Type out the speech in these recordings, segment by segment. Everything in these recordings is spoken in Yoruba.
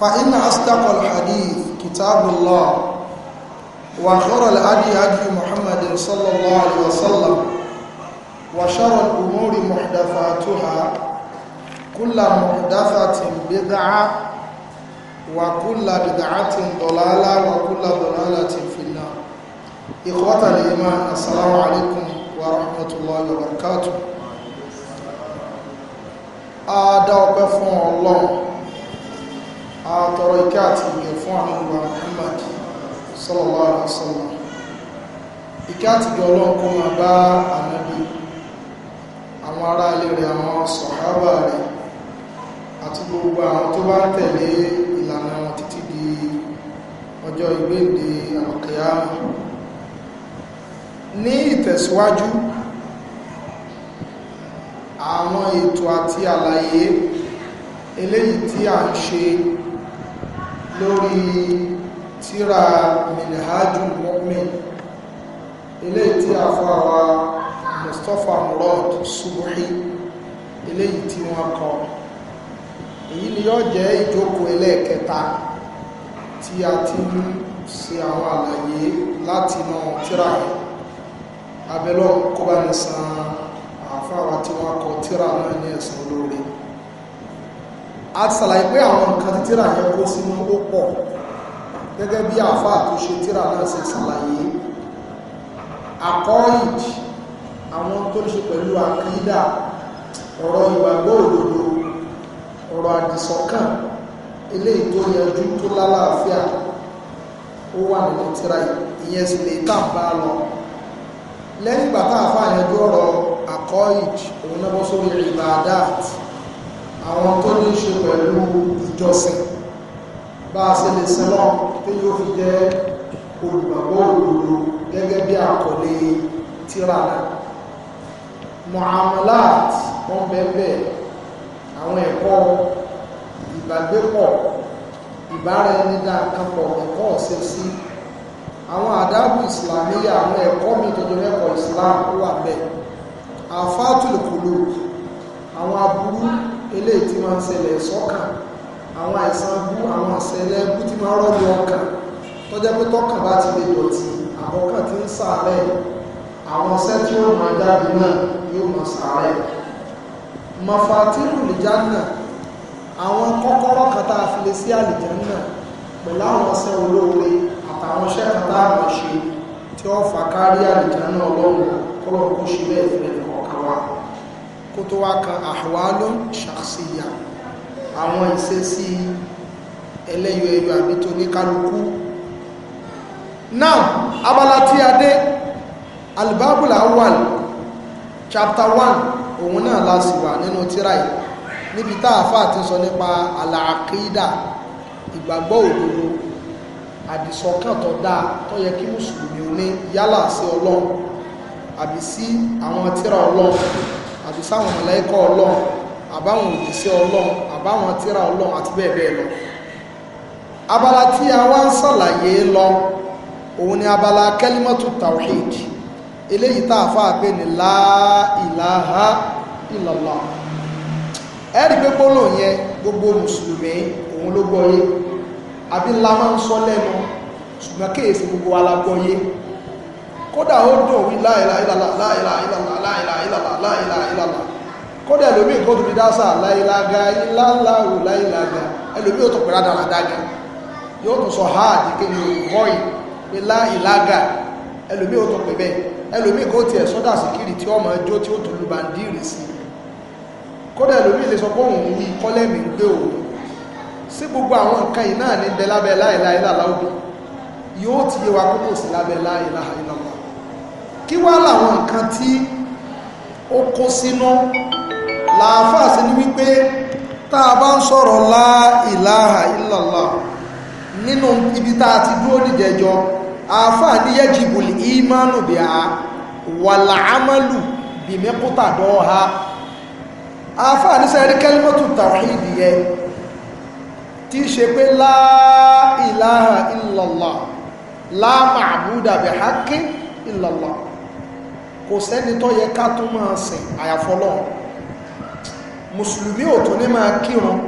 فإن أصدق الحديث كتاب الله وخير الهدي هدي محمد صلى الله عليه وسلم وشر الأمور محدثاتها كل محدثة بدعة وكل بدعة ضلالة وكل ضلالة في النار إخوة الإيمان السلام عليكم ورحمة الله وبركاته أدعو بفهم الله àtọrọ ìkẹ́ àti ìgbẹ̀ fún àmìwà Muhammad sallallahu alaihi wasallam ìkẹ́ àti ìgbẹ̀ ọlọ́run kó máa bá ànábì àwọn ará ilé rẹ̀ àwọn sọ̀hábà rẹ̀ àti gbogbo àwọn tó bá tẹ̀lé ìlànà wọn títí di ọjọ́ ìgbéǹde àlùkìyámà ní ìtẹ̀síwájú àwọn ètò àti àlàyé eléyìí tí a ń ṣe lórí tíra minhaju mu'min eléyìí tí a fọ́ àwa mustapha murad subuhi eléyìí tí wọ́n kọ èyí ni yóò jẹ́ ìjókòó ẹlẹ́ẹ̀kẹta tí a ti ń ṣe àwọn àlàyé láti inú tíra abẹ́lọ́ kọ́bánisan àfáwà tí wọ́n kọ tíra náà ní ẹ̀sán olóore a ti sàlàyé pé àwọn nǹkan tí tíra yẹn kó sínú ó pọ̀ gẹ́gẹ́ bí àfáà tó ṣe tíra náà ṣe sàlàyé àkọ́ìd àwọn tó ṣe pẹ̀lú àkídà ọ̀rọ̀ ìgbàgbọ́ òdodo ọ̀rọ̀ àdìsọ́kàn eléyìí tó yanjú tó lálàáfíà ó wà nínú tíra ìyẹn sì lè tà bá lọ lẹ́yìn ìgbà tá àfáà yanjú ọ̀rọ̀ àkọ́ìd òun náà bọ́ sórí ìbàdáàtì àwọn tó ní ṣe pẹ̀lú ìjọsìn bá a ṣe lè sẹ́lọ̀ tí yóò fi jẹ́ olùgbàgbọ́ òdodo gẹ́gẹ́ bí àkọlé tíra náà muamalat wọn bẹ́ẹ̀ àwọn ẹ̀kọ́ ìgbàgbépọ̀ ìbára ẹni dáa kan pọ̀ ẹ̀kọ́ ọ̀sẹ̀ sí àwọn àdábù ìsìlámíyà àwọn ẹ̀kọ́ mi tó jẹ́ ẹ̀kọ́ ìsìlám wà bẹ́ẹ̀ àfáàtùlùkùlù àwọn aburú eléyìí tí máa ń ṣẹlẹ̀ àwọn àìsàn bú àwọn ìṣẹ̀lẹ̀ bú tí máa ń rọ́ọ̀lù ọkàn pé tọ́kàn bá ti lè dọ̀tí ti ń sàárẹ̀ àwọn iṣẹ́ tí ó máa jáde náà yóò máa sàárẹ̀ mọ̀fàtírù lìjánà àwọn kọ́kọ́rọ́ kan a fi lè sí àlìjánà pẹ̀lú àwọn iṣẹ́ olóore àtàwọn kó tó wá kan àwálò ṣàṣìyà àwọn ìṣesí ẹlẹ́yọ ẹyọ àbí tó ní kálukú now abala tí a dé alibabula awal chapter one òun náà la sì wà nínú tíra yìí níbi tá àfáà ti sọ nípa àlàákídà ìgbàgbọ́ òdodo àdìsọ́kàn tó dáa tó yẹ kí mùsùlùmí ó ní yálà sí ọlọ́run àbí sí àwọn tíra ọlọ́run àti sáwọn mọ̀lẹ́kọ̀ ọlọ́run àbáwọn òjíṣẹ́ ọlọ́run àbáwọn tíra ọlọ́run àti bẹ́ẹ̀ bẹ́ẹ̀ lọ abala tí a wá ń sàlàyé lọ òun ni abala kẹlímọ́tù tawhid eléyìí tá a fà pé ní la ilaha illallah ẹ̀rí pé gbólò yẹn gbogbo mùsùlùmí òun ló gbọ́yé àbí ńlá máa ń sọ lẹ́nu ṣùgbọ́n kéèsì gbogbo alágbọ́yé kódà ó dùn wí láìláìlàlà láìláìlàlà láìláìlàlà láìláìlàlà kódà ẹlòmí nǹkan tó fi dáṣà láìlága ìlàláwò láìlága ẹlòmí ó tó pẹ̀lá dáradága yóò tún sọ háàdì kí ni kọ́ì ilá ìlága ẹlòmí ó tó pẹ̀ bẹ́ẹ̀ ẹlòmí kó tiẹ̀ sọ́dà síkírì tí ọmọ ẹjọ́ tí ó tó lu bàndírì sí kódà ẹlòmí lè sọ kí wá làwọn nǹkan tí ó kó sínú làáfàá sí ni wípé tá a bá ń sọ̀rọ̀ la ilaha illallah nínú ibi tá a ti dúró níjẹjọ àáfàá ní yajibul imanu biha wàlà amalu bìmẹ́kútà dọ́ha àáfàá ní sẹ́rí kẹ́límọ́tù tawhid yẹ tí í ṣe pé la ilaha illallah la ma'buda bihaqqin illallah kò sẹ́ni tó yẹ ká tún máa sìn àyàfọ́lọ́ mùsùlùmí ò tún ní máa kírun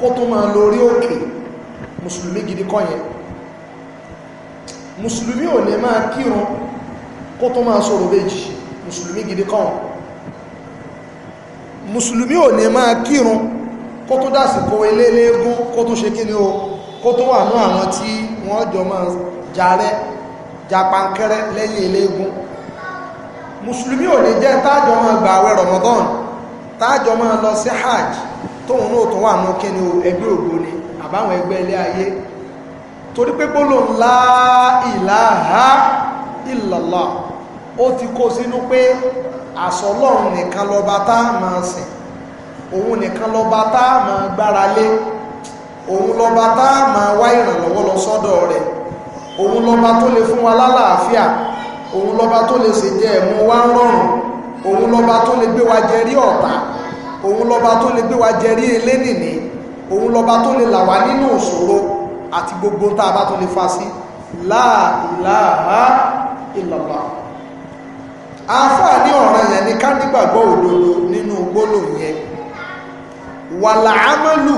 kó tún máa lórí òkè mùsùlùmí gidi kọ́ yẹn mùsùlùmí ò ní máa kírun kó tún máa sọ̀rọ̀ méjì mùsùlùmí gidi kọ́ wọn mùsùlùmí ò ní máa kírun kó tún dásìkò eléléégún kó tún ṣe kíni o kó tún wà ní àwọn tí wọ́n jọ máa jarẹ́ japankẹ́rẹ́ lẹ́yìn eléégún mùsùlùmí ò lè jẹ́ táàjọ máa gba àwẹ̀ Ramadan táàjọ máa lọ sí hajj tóun náà tó wà ní kíni ẹgbẹ́ ògbóni àbáwọn ẹgbẹ́ ilé ayé torí pé gbólóhùn la ilaha illallah ó ti kó sínú pé àsọlọ́run nìkan lọ́ba tá máa sìn òun nìkan lọ́ba tá máa gbára lé òun lọ́ba tá máa wá ìrànlọ́wọ́ lọ sọ́dọ̀ rẹ̀ òun lọ́ba tó lè fún wa lálàáfíà òun lọ́ba tó lè ṣèjẹ́ ẹ̀mú wa ń rọrùn òun lọ́ba tó lè gbé wa jẹ rí ọ̀tá òun lọ́ba tó lè gbé wa jẹ rí elénìní òun lọ́ba tó lè là wá nínú òṣòro àti gbogbo tá a bá tó lè fa sí la ilaha illallah àáfàá ní ọ̀ràn yẹn ni ká nígbàgbọ́ òdodo nínú gbólò yẹn wàlà ámọ́lù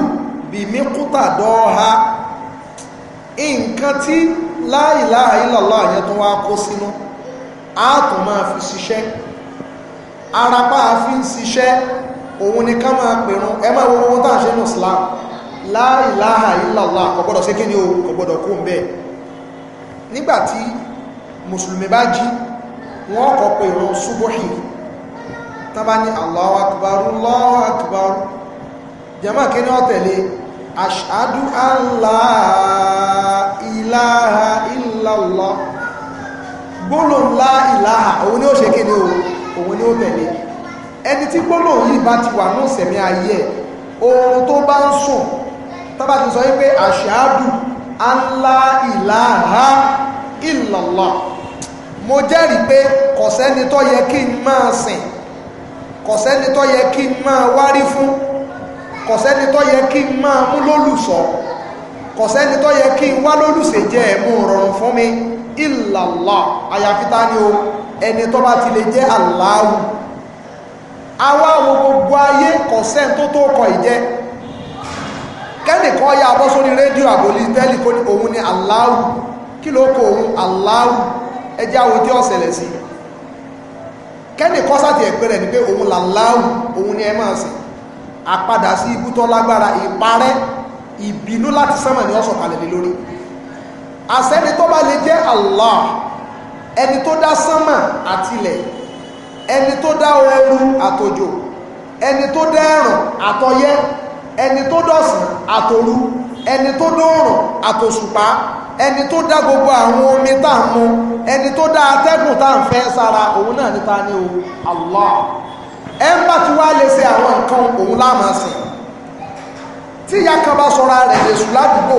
bí mi kúta dọ́ọ́ha nǹkan tí la ilaha illallah kó sínú. No a tún máa fi ṣiṣẹ́ arapa fi ń ṣiṣẹ́ òun ni ká máa pèrún ẹ máa wo owó tá à ń ṣe ní Islam la ilaha illallah kò gbọ́dọ̀ ṣe kí ni o kò gbọ́dọ̀ kó ń bẹ́ẹ̀ nígbàtí mùsùlùmí bá jí wọ́n kọ́ pèrún súbọ́hì tàbá ní Allahu akbar gbólóhùn lá ìláhà òun ni ó ṣe kéde o òun ni ó tẹ̀lé ẹni tí gbólóhùn yìí bá ti wà ní ìsẹ̀mí ayé ẹ̀ oorun tó bá ń sùn tábà ti sọ wípé àṣàdù alá ìláhà ìlàlá mo jẹ́rìí pé kọ̀sẹ́ni tó yẹ kí n máa sìn kọ̀sẹ́ni tó yẹ kí n máa wárí fún kọ̀sẹ́ni tó yẹ kí n máa mú lólùsọ kọ̀sẹ́ni tó yẹ kí n wá lólùsè jẹ́ ẹ̀mú rọrùn fún mi ìlàlá àyàfi ta ni o ẹni tó bá ti lè jẹ́ aláwù àwa àwọn gbogbo ayé kọ̀sẹ́ǹ tó tó kọ ìjẹ́ kẹ́nìkan ya abọ́ sórí rédíò àbòlí tẹ́lì kó ní òun ni aláwù kí ló kó òun aláwù ẹjẹ́ àwọn tí ọ̀sẹ̀lẹ̀ sí kẹ́nìkan sáti ẹ̀pẹ́ rẹ̀ ni pé òun làláwù òun ni ẹ máa sìn àpadà sí ibú tó lágbára ìparẹ́ ìbínú láti sánmà ni ó sọ̀kalẹ̀ lórí àsẹ́ni tó bá lè jẹ́ Allah ẹni tó dá sánmà àtilẹ̀ ẹni tó dá ooru àtòjò ẹni tó dá ẹ̀rùn àtọyẹ́ ẹni tó dọ̀sán àtòru ẹni tó dóòrùn àtòṣùpá ẹni tó dá gbogbo àwọn omi tá à ń mu ẹni tó dá atẹ́gùn tá à ń fẹ́ sára òun náà níta ní o Allah ẹ ń bá ti wá lè ṣe àwọn nǹkan òun láàmú sìn tí ìyá kan bá sọra rẹ̀ lè sùn ládùúgbò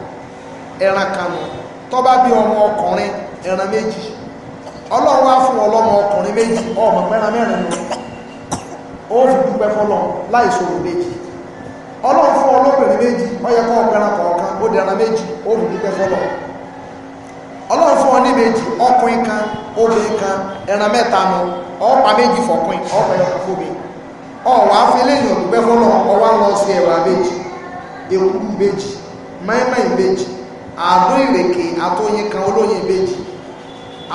ẹran kanù tó bá bí ọmọ ọkùnrin ẹran méjì ọlọ́run wá fún ọlọ́mọ ọkùnrin méjì ọmọ pẹ́ran mẹ́rin nù ó fi dúpẹ́ fọlọ́ láìsòrò méjì ọlọ́run fún ọlọ́bìnrin méjì ó yẹ kọ́ ọpẹran kọ̀ọ̀kan ó di ẹran méjì ó fi dúpẹ́ fọlọ́ ọlọ́run fún ọ ní méjì ọkùnrin kan obìnrin kan ẹran mẹ́ta nù ọ̀pá méjì fọkùnrin ọ̀pá ẹ̀yọ̀ kan fóbi ọ̀wà afẹ́lẹ́yìn ọ̀dúpẹ́ fọlọ́ ọwá lọ sí ẹ̀wà méjì èkú méjì máìmáì méjì àádó ìrèké àtóyin kan olóyin méjì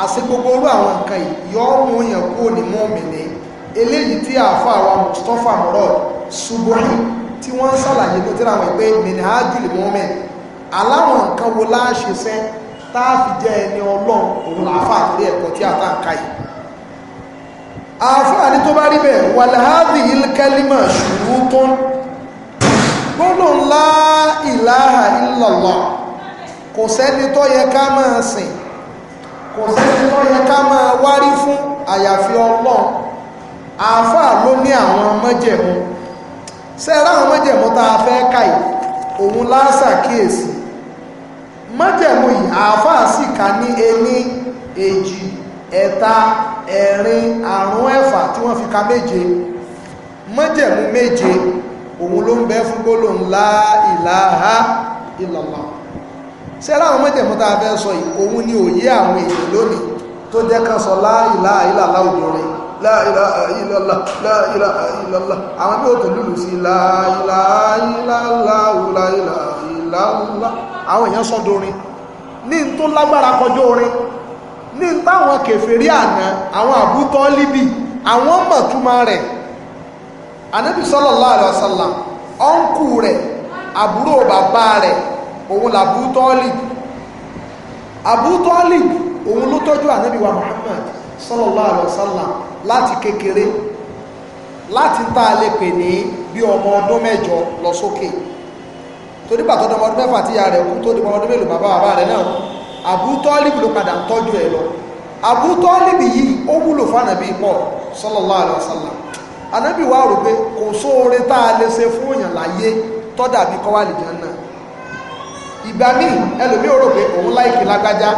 àti gbogbo orú àwọn nǹkan yìí yọ mú yàn kúrò ní mọ́mìnì eléyìí tí àáfà wa Mustapha Murad Subuhi tí wọ́n ń sàlàyé tó tẹ́lá wọn pé minhajul mu'min aláwọn nǹkan wo láàṣẹ sẹ́ táàfi jẹ́ ẹni ọlọ́run òun làáfà àtúrí ẹ̀kọ́ tí àtà ń ka yìí àáfà ní tó bá rí bẹ́ẹ̀ wàláhàbì ilkẹ́límà ṣùgbọ́n tó ń gbọ́dọ̀ la ilaha illallah kò sẹ́ni tó yẹ ká máa sìn kò sẹ́ni tó yẹ ká máa wárí fún àyàfi ọlọ́run àáfàá ló ní àwọn mọ́jẹ̀mú sẹ́ẹ̀rọ àwọn mọ́jẹ̀mú tá a fẹ́ kà yìí òun láásà kíyèsí mọ́jẹ̀mú yìí àáfàá sì kà ní ení èjì ẹ̀ta ẹ̀rin àrún ẹ̀fà tí wọ́n fi ka méje mọ́jẹ̀mú méje òun ló ń bẹ fún gbólóhùn la ilaha se àwọn mẹ́jẹ̀mú tá a fẹ́ sọ yìí òun ni òye àwọn èèyàn lónìí tó jẹ́ kan sọ la ilaha illallah obìnrin la ilaha illallah la ilaha illallah àwọn bí ó tó lùlù sí la ilaha illallah la ilaha illallah àwọn èèyàn sọ dorin ní tó lágbára kọjọ orin ní táwọn kèfèrí àná àwọn àbútọ́ líbi àwọn mọ̀túmọ̀ rẹ̀ anábì sallallahu alaihi wasallam ọ̀nkù rẹ̀ àbúrò bàbá rẹ̀ òun làbú tọ́lìb àbú tọ́lìb òun ló tọ́jú ànábì Muhammad sallallahu alaihi wasallam láti kékeré láti tá a lè pè ní bí ọmọ ọdún mẹ́jọ lọ sókè torí pàtó ọmọ ọdún mẹ́fà tí ya rẹ̀ kú tó di ọmọ ọdún mélòó bàbá bàbá rẹ̀ náà àbú tọ́lìb ló padà tọ́jú ẹ̀ lọ àbú tọ́lìb yìí ó wúlò fánàbí pọ̀ sallallahu alaihi wasallam ànábì wa rò pé kò sóore tá a lè ìgbà míì ẹlòmí ò rò pé òun láìkì lágbájá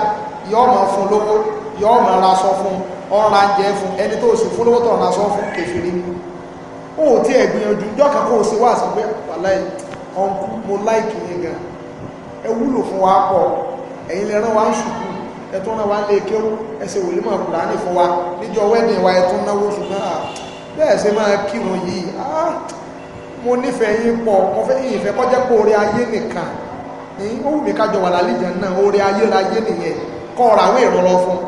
yọ́ mọ̀ fún lówó yọ́ mọ̀ ra sọ fún ọ̀rọ̀ jẹ fún ẹni tó sì fún lówó tọ̀rọ̀ sọ fún kèfèrè ó tí ẹ̀ gbìyànjú jọ́kà kó o sí wà sí pé wàláì ọkù mo láìkì yẹn gan ẹ wúlò fún wa pọ̀ ẹ̀yin lè rán wa ń ṣùkú ẹ tún rán wa lè kéwú ẹsẹ̀ wòlé mọ̀ kùránì fún wa níjọ wẹ́dìn wa ẹ tún náwó ṣùgbọ́n à ah, bẹ́ẹ̀ ṣe máa kírun yìí ah, mo nífẹ̀ẹ́ yín pọ̀ mo fẹ́ ìyìnfẹ́ kọjá pòórí ayé nìkan ó wù mí kájọ wà lálejò náà orí ayérayé nìyẹn kọ́ra àwọn ìrànlọ́ fún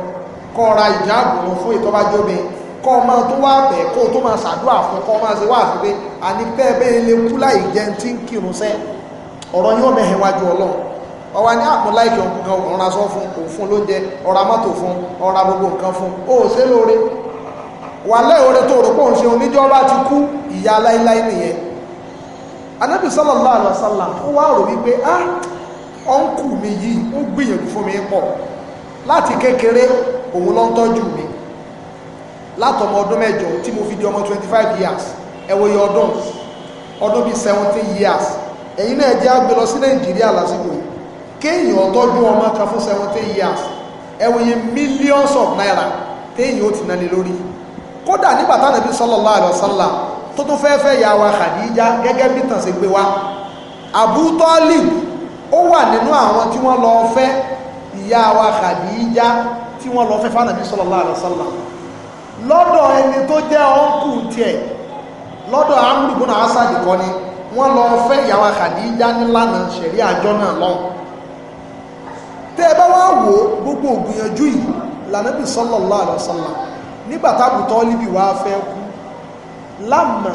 kọ́ra ìjáàbò lọ fún ìtọ́bájóbi kọ́ ọmọ tó wà bẹ̀ kó tó máa ṣàdúrà fún kọ́ máa ṣe wà fún pé àní bẹ́ẹ̀ bẹ́ẹ̀ lè kú láì jẹ́ tí ń kírun sẹ́ ọ̀rọ̀ yóò mẹ́hẹ̀ wájú ọlọ́run ọwá ní àpò láìkì ọ̀kan ọ̀ra sọ fún kò fún lóúnjẹ ọ̀ra mọ́tò fún ọ̀ra gbogbo nǹkan fún ó ṣe lóore wà lẹ́ọ̀rẹ́ tó rò pòun ṣe oníjọ́ bá ti kú ìyá láíláí nìyẹn anábì sallallahu alaihi wasallam ó wá rò wípé ah ọ́nkù mi yìí ó gbìyànjú fún mi pọ̀ láti kékeré òun ló ń tọ́jú mi látọmọ ọdún mẹ́jọ tí mo fi di ọmọ 25 years ẹwọ yẹ ọdún ọdún bíi 17 years ẹ̀yin náà jẹ́ àgbẹ̀ lọ sí nàìjíríà lásìkò kéèyàn tọ́jú ọmọ kan fún 17 years ẹwọ yẹ millions of naira téèyàn ó ti náni lórí kódà nígbà tánàbí sallallahu alaihi wasallam tó tó fẹ́ẹ́ fẹ́ yà wá Khadija gẹ́gẹ́ bí tàn sí gbé wa Abu ó wà nínú àwọn tí wọ́n lọ fẹ́ ìyá wa Khadija tí wọ́n lọ fẹ́ fánàbí sallallahu alaihi wasallam lọ́dọ̀ ẹni tó jẹ́ ọ́nkù tiẹ̀ lọ́dọ̀ amúlùgbọ́n asadi kọ́ ni wọ́n lọ fẹ́ ìyá wa Khadija nílànà ṣẹ̀rí àjọ náà lọ́hùn tẹ́ ẹ bá wá wò gbogbo ògbìyànjú yìí lànàbí sallallahu alaihi nígbà tábù tọ́líbì wá fẹ́ kú lámà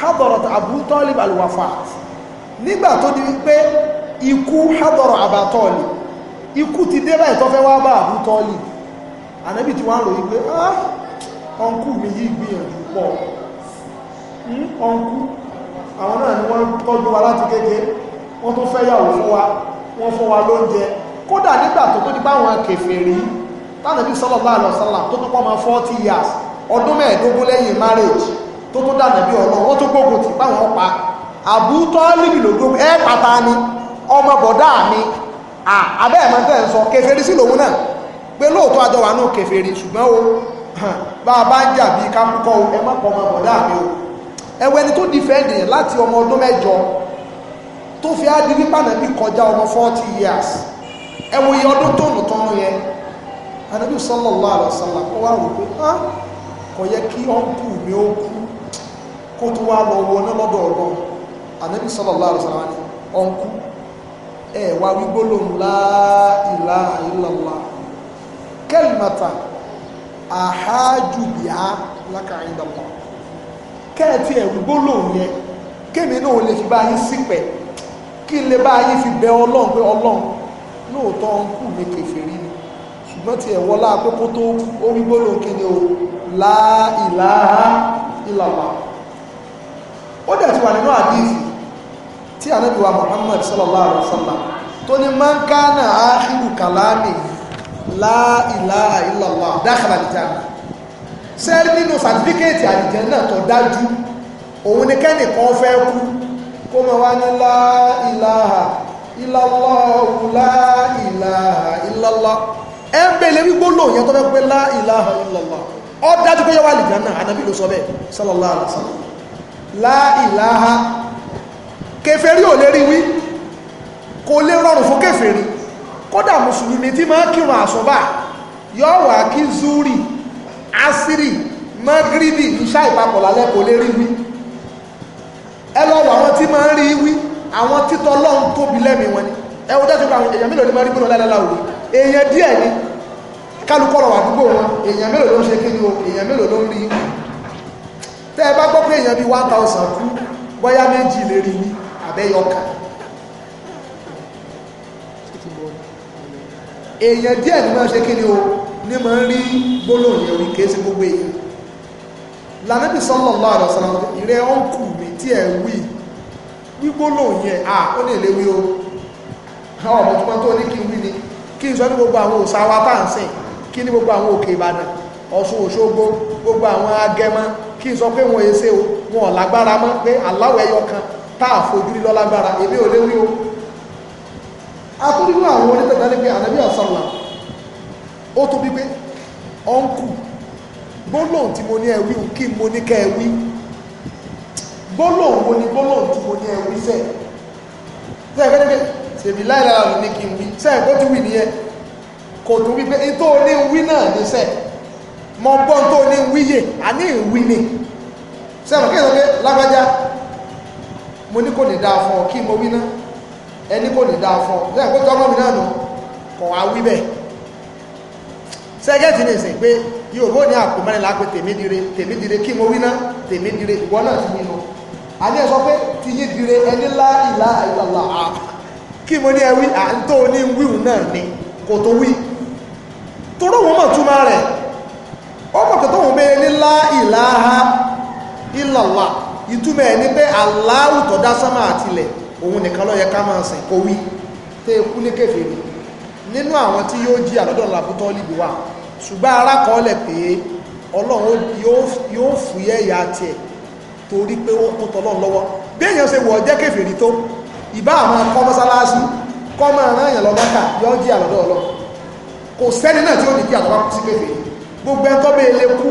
hadarat Abu Talib al nígbà tó di wípé ikú hádọ̀rọ̀ àbátọ́ọ̀lì ikú ti dé báyìí tó fẹ́ wá bá àbútọ́ọ̀lì ànábì tí wọ́n ròyìn pé ah ọ̀nkú mi yìí gbìyànjú pọ̀ ọ̀nkú hmm, àwọn náà ni wọ́n tọ́jú wa láti kékeré wọ́n tó fẹ́ yàwó fún wa wọ́n fún wa lóúnjẹ kódà nígbà tó tó di báwọn kèfèrí tánàbí sallallahu alaihi wasallam tó tó pọ́ ma 40 years ọdún mẹ́ẹ̀ẹ́dógún lẹ́yìn marriage tó tó dànàbí ọlọ́run ó tó gbógun ti báwọn pa àbútọ́lìbì lòdó ẹ pàtà ni ọmọ bọ̀dá mi abẹ́ ẹ̀mọ́ tẹ́ ń sọ kèfèrí sí lòun náà pé lóòótọ́ àjọ wà náà kèfèrí ṣùgbọ́n o bá bá ń jà bí kákúkọ́ o ọmọ mi o ẹwẹ́ ni tó dìfẹ́ǹdì láti ọmọ ọdún mẹ́jọ tó fi ádi ní years ẹwọ iye ọdún tó nù tọ́nu sallallahu alaihi wasallam ó wá rò pé kò yẹ kí ọ́nkù mi ó kú kó tó wá lọ wọná lọ́dọ̀ Ọlọ́run ànábì sallallahu alaihi wasallam ọ̀nkú ẹ̀ wá wígbólóhùn la ilaha illallah kalimatan ahaju biha laka inda Allah kẹ́ẹ̀tì ẹ̀ wígbólóhùn yẹn kémi náà lè fi bá yín sípẹ̀ kí n lè bá yín fi bẹ ọlọ́run pé ọlọ́run lóòótọ́ ọ̀nkú mi kèfèrí ni ṣùgbọ́n tí ẹ̀ wọlá àkókò tó ó wígbólóhùn kí o la ilaha ó dẹ̀ ti wà nínú àdìsí tí ànábì wa Muhammad sallallahu alaihi wasallam tó ní man kana akhiru kalami la ilaha illallah dakhala al-janna sẹ́ẹ̀rí nínú sàtífíkẹ́ẹ̀tì àdìjẹ́ náà tó dájú òun ni kẹ́nìkan fẹ́ kú kó mọ̀ wá ní la ilaha illallahu la ilaha illallah ẹ ń bèèrè wígbó lóòyìn yẹn tó fẹ́ pé la ilaha illallah ọ dájú pé yọ wà lìjánà ànábì ló sọ bẹ́ẹ̀ sallallahu alaihi wasallam la kèfèrí ò lè rí wí kò lè rọrùn fún kèfèrí kódà mùsùlùmí tí máa kírun àsùbá yóò wà kí zuri asiri magribi iṣá ìpapọ̀ lálẹ́ kò lè rí wí ẹ lọ wọ àwọn tí máa ń rí wí àwọn títọ́ lọ́hún tóbi lẹ́mìí wọn ni ẹ wo dájú pé àwọn èèyàn mélòó ni máa rí gbóná lálẹ́ láwùjọ èèyàn díẹ̀ ni kálukọ́rọ̀ àdúgbò wọn èèyàn mélòó ló ń ṣe kí ni o èèyàn mélòó ló ń rí wí tẹ́ ẹ bá gbọ́ pé èèyàn bíi one thousand kú bóyá méjì lè rí wí àbẹ́yọkà èèyàn díẹ̀ ni máa ṣe kí ni o ní máa ń rí gbólóhùn yẹn òun kìí ṣe gbogbo èèyàn lànàbì sallallahu alaihi wasallam ìrẹ́ ọ̀nkù mi tí ẹ̀ wí gbígbólóhùn yẹn à ó lè léwé o àwọn ọmọ tuntun tó ní kí n wí ni kí n sọ ní gbogbo àwọn òòṣà wa tá à ń sìn kí ní gbogbo àwọn òkè ìbàdàn ọ̀ṣun òṣogbo gbogbo àwọn agẹmọ kí n sọ pé wọn èsè o wọn ò lágbára pé aláwọ̀ ẹyọ kan táà fojúrí lọ́lágbára èmi ò léwí o akúrínú àwọn onítẹ̀tẹ̀ ní pé ànábì àsàlà ó tó bí pé ọ̀nkù gbólóhùn tí mo ní ẹ̀wí kí mo ní ká ẹ̀wí gbólóhùn mo ní gbólóhùn tí mo ní ẹ̀wí sẹ́ sẹ́ ẹ̀kẹ́ níbi sèmi láìlára ló ní kí n wí sẹ́ ẹ̀kọ́ ti wì nìyẹn kò tó wí pé ètò oní wí náà ní sẹ́ mọ gbọ́n tó oní wíyè àní ìwí ni sẹ́ ẹ̀kẹ́ ìsọ̀kẹ́ lágbájá mo ní kò ní dáa fún ọ kí mo wí ná ẹni kò ní dáa fún ọ lẹ́yìn pé tọ́mọ́ mi náà nù kọ̀ wá wí bẹ́ẹ̀ sẹ́gẹ́tì ní ìsìn pé yóò bó ní àpò mẹ́rin lápé tèmídire tèmídire kí mo wí ná tèmídire ìwọ náà ti yín lọ àní ẹ sọ pé ti yín dire ẹni lá ìlà ìlàlà ah, kí mo ní ẹ wí à ń tó ní wíwù náà ni kò tó wí torí òun mọ̀ túmọ̀ rẹ̀ ó mọ̀ pé tóun bẹ́ẹ̀ ní lá ìlà ìlàlà ìtumọ̀ ẹ̀ ní pé Allahu tó dá sánmà àtilẹ̀ òun nìkan ló yẹ ká máa sìn kó wí tẹ́ ikú ní kèfèrí nínú àwọn tí yóò jí àlọ́dọ̀ làbútọ́ líbi wà ṣùgbọ́n ara kọ́ọ̀lẹ̀ pé ọlọ́run yóò fúyẹ́ ìyá tiẹ̀ torí pé ó kó tọlọ́run lọ́wọ́ bí èèyàn ṣe wọ̀ jẹ́ kèfèrí tó ìbá àwọn kọ́ mọ́sálásí kọ́ máa rán èèyàn lọ mọ́kà yóò jí àlọ́dọ̀ ọlọ́ kò sẹ́ni náà tí ó ní jí àtọ́wá sí kèfèrí gbogbo ẹ̀ tọ́ bẹ́ẹ̀ lé kú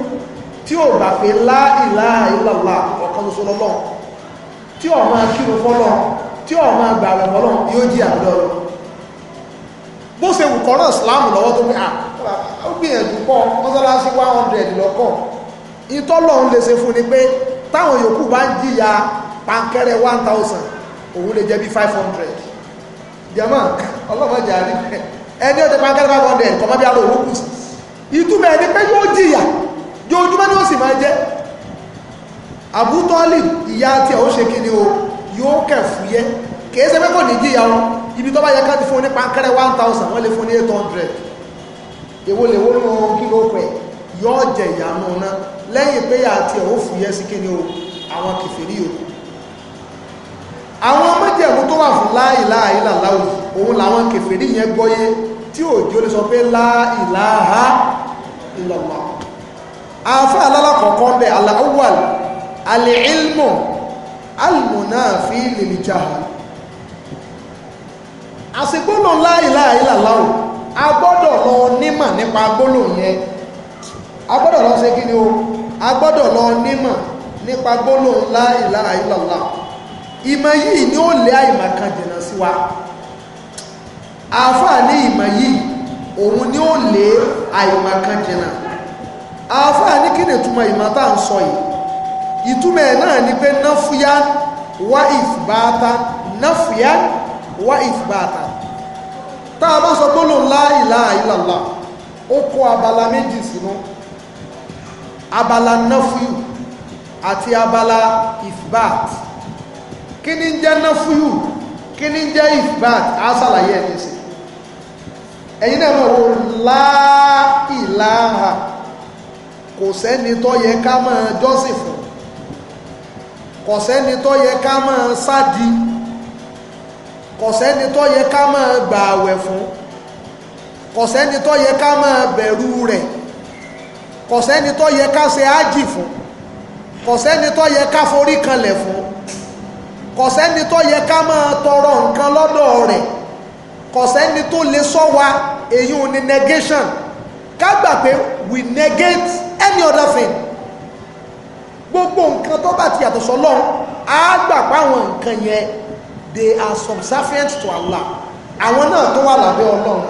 tí ó gbà pé la ilaha illallah ọ̀kan tó sọ́lọ́lọ́ tí ó máa kírun fọ́lọ́ tí ó máa gbà rẹ̀ fọ́lọ́ yóò jí àdọ́ lọ bó ṣe wù kọ́rọ̀ ìsìláàmù lọ́wọ́ tó ní à ah, ó gbìyànjú pọ̀ mọ́sálásí 100 lọ́kọ̀ ìtọ́lọ̀ ń lè ṣe fún ni pé táwọn yòókù bá ń jìyà pankẹ́rẹ́ 1000 òun lè jẹ́ bí 500 jẹ́mọ́ ọlọ́mọdé àrí ẹni ó ti pankẹ́rẹ́ 500 kọ́mọ́bí alóòwò kù ìtumẹ̀ ni pé yóò jìyà yóòjúmọ́ ni ó sì máa jẹ́ àbútọ́lì ìyá tí ó ṣe kí ni o yóò kẹ̀ fúyẹ́ kìí ṣe pé ní jíyà wọn ibi tó bá yẹ káti fún ní pankẹ́rẹ́ 1000 wọ́n lè fún ní 800 èwo lè wó nínú kí ló pẹ̀ yóò jẹ ìyànú náà lẹ́yìn pé ìyá tí ó fúyẹ́ o àwọn kìfèrí o àwọn mọ́jẹ̀mú tó wà fún láìláà ìlàláwù àáfà alálàkọ̀ọ́kọ́ ń bẹ aláwọ̀l alìílmọ̀ alìmọ̀nà fi lèlìjà àsìgbónà láìláìláláwò a gbọ́dọ̀ lọ nímà nípa gbólóhùn yẹn a gbọ́dọ̀ lọ ṣe kí ni o a gbọ́dọ̀ lọ nímà nípa gbólóhùn láìláìláláwò ìmọ̀ yìí ni ó lé àìmọ̀ kan jìnà sí wa àáfà ní ìmọ̀ yìí òun ni ó lé àìmọ̀ kan jìnà sí wa Afa ní kí ni ìtumọ̀ ìmọ̀ tá à ń sọ yìí ìtumọ̀ ẹ̀ náà ni pé náfúyá wá ìfìbáta náfúyá wá ìfìbáta tá a bá sọ gbólóhùn lá ilaha illallah ó kó abala méjì sínú abala náfúyù àti abala ìfìbát kí ni jẹ́ náfúyù kí ni jẹ́ ìfìbát á sàlàyé ẹ̀ nísìn ẹ̀yin náà mọ̀ wò lá ìlàhà kò sẹ́ni tó yẹ ká máa jọ́sìn fún kò sẹ́ni tó yẹ ká máa sádi kò sẹ́ni tó yẹ ká máa gbà àwẹ̀ fún kò sẹ́ni tó yẹ ká máa bẹ̀rù rẹ̀ kò sẹ́ni tó yẹ ká ṣe ájì fún kò sẹ́ni tó yẹ ká forí kanlẹ̀ fún kò sẹ́ni tó yẹ ká máa tọrọ nǹkan lọ́dọ̀ rẹ̀ kò sẹ́ni tó lè sọ wa èyí ò ní negation ká gbà pé we negate any other thing gbogbo nǹkan tó bá ti yàtọ̀ sọ́lọ́run á gbà pé àwọn nǹkan yẹn they are subservient to Allah àwọn náà tó wà lábẹ́ ọlọ́run.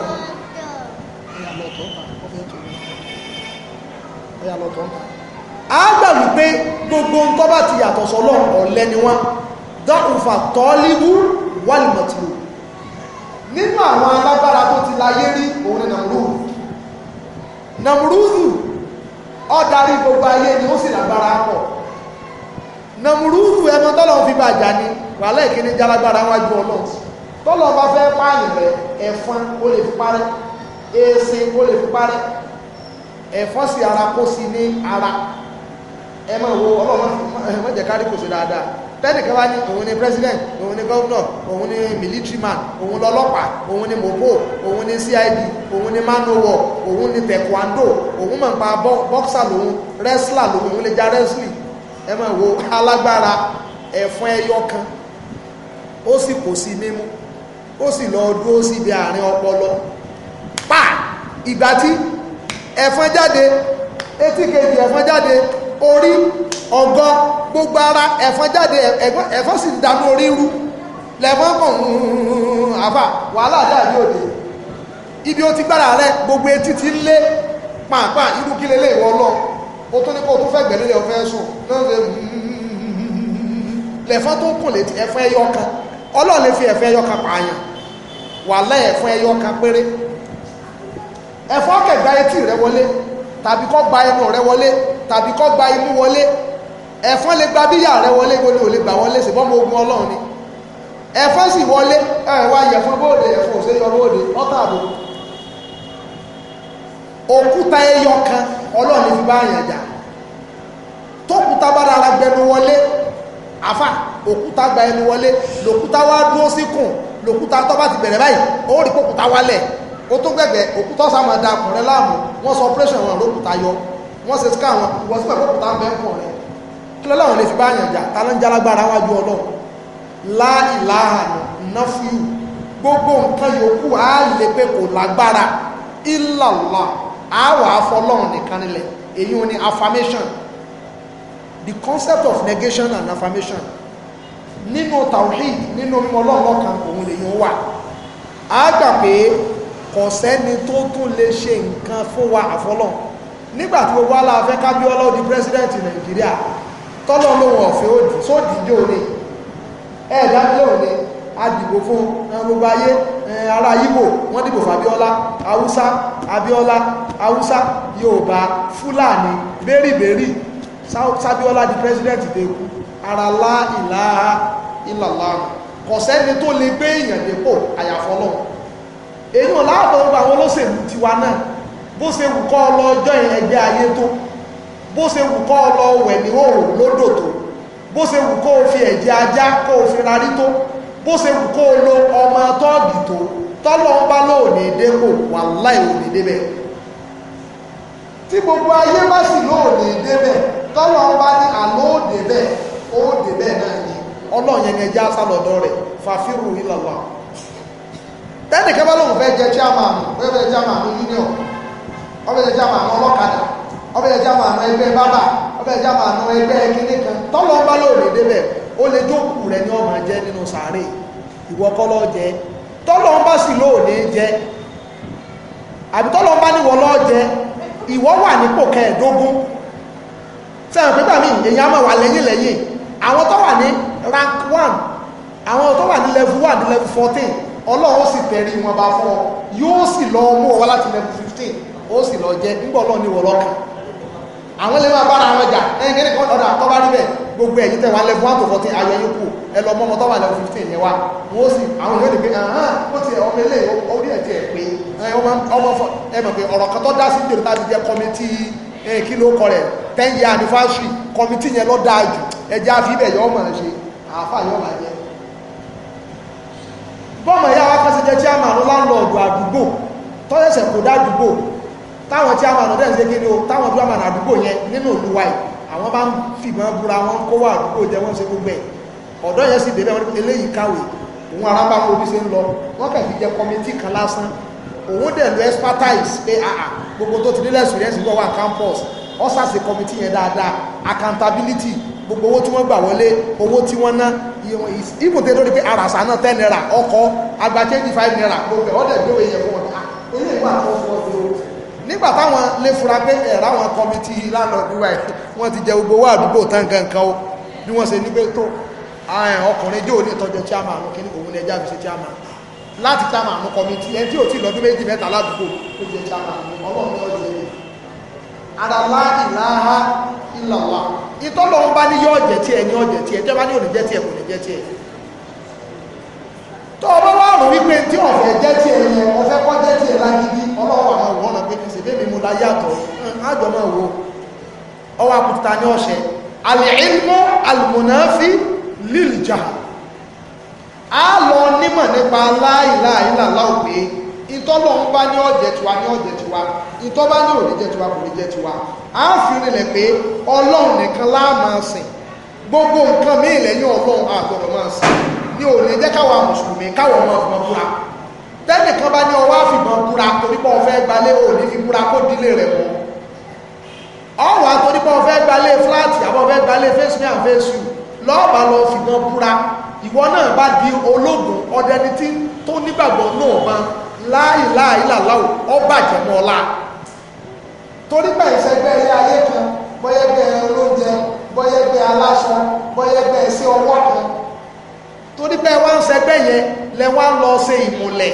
a gbà wípé gbogbo nǹkan bá ti yàtọ̀ sọ́lọ́run ọ̀lẹ ni wọ́n dọ́kùnfà tọ́líbù wàlìmọ̀tìlù nínú àwọn alágbára tó ti láyé rí òun ni nàmúrù nàmúrúdù ọ̀darí gbogbo ayé ni ó sì lágbára pọ̀ nàmúrúdù ẹmọ tọ́lọ̀ fi bàjá ni wàhálà ìkíní jálágbára wájú ọlọ́run tọ́lọ̀ bá fẹ́ pààyàn rẹ̀ ẹ̀fọn ó lè fi parẹ́ ẹ̀ẹ́sìn ó lè fi parẹ́ ẹ̀fọn sì ara kó sí ní ara ẹ máa wo ọlọ́run má jẹ́ kárí dáadáa tẹ́nìkan wá ní òun ni president òun ni governor òun ni military man òun lọ́lọ́pàá òun ni mopo òun ni cid òun ni manowar òun ni taekwondo òun mọ̀ nípa boxer lòun wrestler lòun òun lè ja wrestling ẹ mọ̀ wo alágbára ẹ̀fọn ẹyọ kan ó sì kò sí mímú ó sì lọ dúró síbi àárín ọpọlọ pa ìgbà tí ẹ̀fọn jáde etí kejì ẹ̀fọn jáde orí ọgọ́ gbogbo ara ẹ̀fọn jáde ẹ̀fọn sì dànù orí rú lẹ́fọn kàn àfà wàhálà jáde òde ibi ó ti gbára rẹ gbogbo etí ti lé pàápàá irú kí lélẹ̀ ìwọ lọ ó tó ní kó tó fẹ́ gbẹ̀lélẹ̀ ọ̀fẹ́ sùn náà lè lẹ́fọn tó kùn létí ẹ̀fọn ẹyọ kan ọlọ́ọ̀ lè fi ẹ̀fọn ẹyọ kan pààyàn wàhálà ẹ̀fọn ẹyọ kan péré ẹ̀fọn kẹgbà etí rẹ wọlé tàbí kó gba ẹnu rẹ wọlé tàbí kó gba imú wọlé ẹ̀fọn lè gba bíyà rẹ wọlé gbọ́dọ̀ ò lè gbà wọlé ṣùgbọ́n mo gun ọlọ́run ni ẹ̀fọn sì wọlé ẹ̀ wá yẹ̀fọn bóde ẹ̀fọn òṣèlú ọlọ́ọ̀dẹ ọ̀tàbò òkúta ẹyọ kan ọlọ́run ní fi bá àyàn jà tókúta bá dára gbẹnu wọlé àfà òkúta gba ẹnu wọlé lòkúta wá dúró síkùn lòkúta tó bá ti bẹ̀rẹ̀ báyìí ó rí kókúta wálẹ̀ ó tún gbẹ̀gbẹ̀ òkúta sáàmà da ọkùnrin láàmú wọ́n sọ operation wọn lókùta yọ wọ́n ṣe scan wọn wọ́n sì pẹ̀lú òkúta bẹ́ẹ̀ pọ̀ rẹ̀ kí ló láwọn lè fi bá yàn jà ta ló ń jálágbára wájú ọlọ́run láìláhà náfíù gbogbo nǹkan yòókù á lè pé kò lágbára ìlàlá á wà afọlọ́run nìkan nílẹ̀ èyí ni affirmation the concept of negation and affirmation nínú tawhid nínú mímọ́ ọlọ́run lọ́kan òun lèyàn wà á gbà pé kò sẹ́ni tó tún lè ṣe nǹkan fún wa àfọlọ́n nígbà tí gbogbo ala fẹ́ kábíọ́lá ó di president nàìjíríà tọ́lọ́ lóun ọ̀fẹ́ òdì sódì ìjọ òní ẹ̀ẹ́dá ilé òní adìbò fún gbogbo ayé ará yíbò wọ́n dìbò fàbíọ́lá haúsá abíọ́lá haúsá yorùbá fúlàní bẹ́rìbẹ́rì sábíọ́lá di president dẹ̀kú ara lá ìlàá ìlàlá kọ̀sẹ́ni tó lè gbé èèyàn dépò àyàfọ́lọ́run èyí ò láàbọ̀ gbogbo àwọn olóṣèlú tiwa náà bó ṣe wù kọ́ lọ ọjọ́ ẹgbẹ́ ayé tó bó ṣe wù kọ́ lọ wẹ̀ ní òòrùn lódò tó bó ṣe wù kó o fi ẹ̀jẹ̀ ajá kó o fi rarí tó bó ṣe wù kó o lo ọmọ tọ́ọ̀gì tó tọ́lọ́ ń bá lóòní dépò wà láì òní débẹ̀ tí gbogbo ayé bá sì lóòní débẹ̀ tọ́lọ́ ń bá ní àlọ́ òdè bẹ́ẹ̀ ó débẹ̀ náà ni ọlọ́ọ̀yẹn ẹja sálọ̀dọ̀ rẹ̀ fàfírù ìlàlá tẹ́nìkan bá lóun fẹ́ jẹ chairman fẹ́ fẹ́ chairman union jẹ chairman ọlọ́kadà ọbẹ̀ jẹ chairman ẹgbẹ́ bábà ọbẹ̀ ọlọkada chairman ẹgbẹ́ kíní kan tọ́lọ́ bá lóun lè débẹ̀ ó lè jókòó rẹ̀ ní ọmọ jẹ́ nínú sàárè ìwọ kọ́lọ́ tọ́lọ́ bá sì àbí tọ́lọ́ bá ìwọ wà nípò kẹẹ̀ẹ́dógún pípa mi èyí á wà lẹ́yìn lẹ́yìn àwọn tó wà ní ọlọ́run sì tẹ̀rí wọn bá yóò sì lọ mú láti level fifteen ó sì lọ jẹ nígbà ọlọ́run ní wọ̀lọ́kàn àwọn lè máa àwọn jà ẹ̀yìn kí nìkan ọ̀dà tó gbogbo ẹ̀yìn tẹ̀wá level one to fourteen ayọ̀ kù ẹ lọ level fifteen yẹn wọ́n sì àwọn ó ti ọmọ ilé orí pé bọ́mọ̀ ìyá wa kan ṣe jẹ́ chairman ló láńlọ́ọ̀dù àdúgbò tọ́sẹ̀sẹ̀ kò dá àdúgbò táwọn chairman ọ̀dẹ́ ń ṣe kí ni o táwọn chairman àdúgbò yẹn nínú ìlú wa yìí àwọn bá ń fìbọn búra wọn kó wà àdúgbò jẹ wọ́n ṣe gbogbo ẹ̀ ọ̀dọ́ yẹn sì débẹ̀ wọn eléyìí kàwé òun ara bá wọn orí ṣe ń lọ wọ́n kàn fi jẹ kọmitì kan lásán òun dẹ̀ lo expertise pé àà ah, ah, gbogbo tó ti nílẹ̀ sùn yẹn sì lọ wà campus ọ́sàsì kọmitì yẹn dáadáa accountability gbogbo owó tí wọ́n gbà wọlé owó tí wọ́n ná ibùn tẹ́ lórí pé arasa náà ten naira ọkọ̀ agba twenty five naira gbogbo ọ̀dẹ̀ gbéwò yẹn fún wọn ilé ìgbà tó fọ́ sí o nígbà táwọn lè fura pé ẹ̀rọ àwọn láńlọ́ọ̀dù wa wọ́n ti jẹ gbogbo owó àdúgbò o bí wọ́n ṣe tó ọkùnrin òní òun ẹja fi ṣe láti ẹni tí ò tí ìtọ́lọ̀ ń bá ní yọ ọ̀jẹ̀ tí ẹ ní ọ̀jẹ̀ tí ẹ tẹ́ bá ní òní jẹ́ tí ẹ kò ní jẹ́ tí ẹ tó ọba wà rò wípé tí ọ̀fẹ́ jẹ́ tí ẹ yẹn ọ̀fẹ́ kọ́ jẹ́ tí ẹ lágídí ọlọ́wọ́ àwọn òwò ọ̀nà pé kì í ṣe fẹ́mi mu la yàtọ̀ ájọ máa wo ọwọ́ àkùtà ní ọ̀ṣẹ́ al-ilmu al-munafi lil-jahl á lọ nímọ̀ nípa la ilaha illallah pé ń bá ní ọ̀jẹ̀ tiwa ní ọ̀jẹ̀ tiwa ìtọ́ bá ní òní jẹ́ tiwa kò ní jẹ́ tiwa á fi rinlẹ̀ pé ọlọ́run nìkan la máa sìn gbogbo nǹkan míì lẹ́yìn ọlọ́run a gbọ́dọ̀ máa sìn ní òní jẹ́ káwa mùsùlùmí káwọn máa fọ́n búra tẹ́nìkan bá ní ọwọ́ àfìmọ̀ búra torípọ̀ ọ̀fẹ́ gbalé òní fi búra kó dílé rẹ̀ mọ́ ọwọ́ àtọ́nípọ̀ ọ̀fẹ́ gbalé fúláàtì àbọ̀ ọ̀fẹ́ gbalé face me and face you lọ́ọ̀bà lọ fìmọ̀ búra ìwọ náà bá di ológun ọdẹni tí tó nígbàgbọ́ náà máa láìláìláláwò ọ bàjẹ́ mọ́ ọlá torí pé ìṣẹ́gbẹ́ ilé ayé kan bọ́yẹ́gbẹ́ olóúnjẹ bọ́yẹ́gbẹ́ aláṣọ be sí ọwọ́ kan torí pé wá ń ṣẹgbẹ́ yẹn lẹ wá ń lọ ṣe ìmùlẹ̀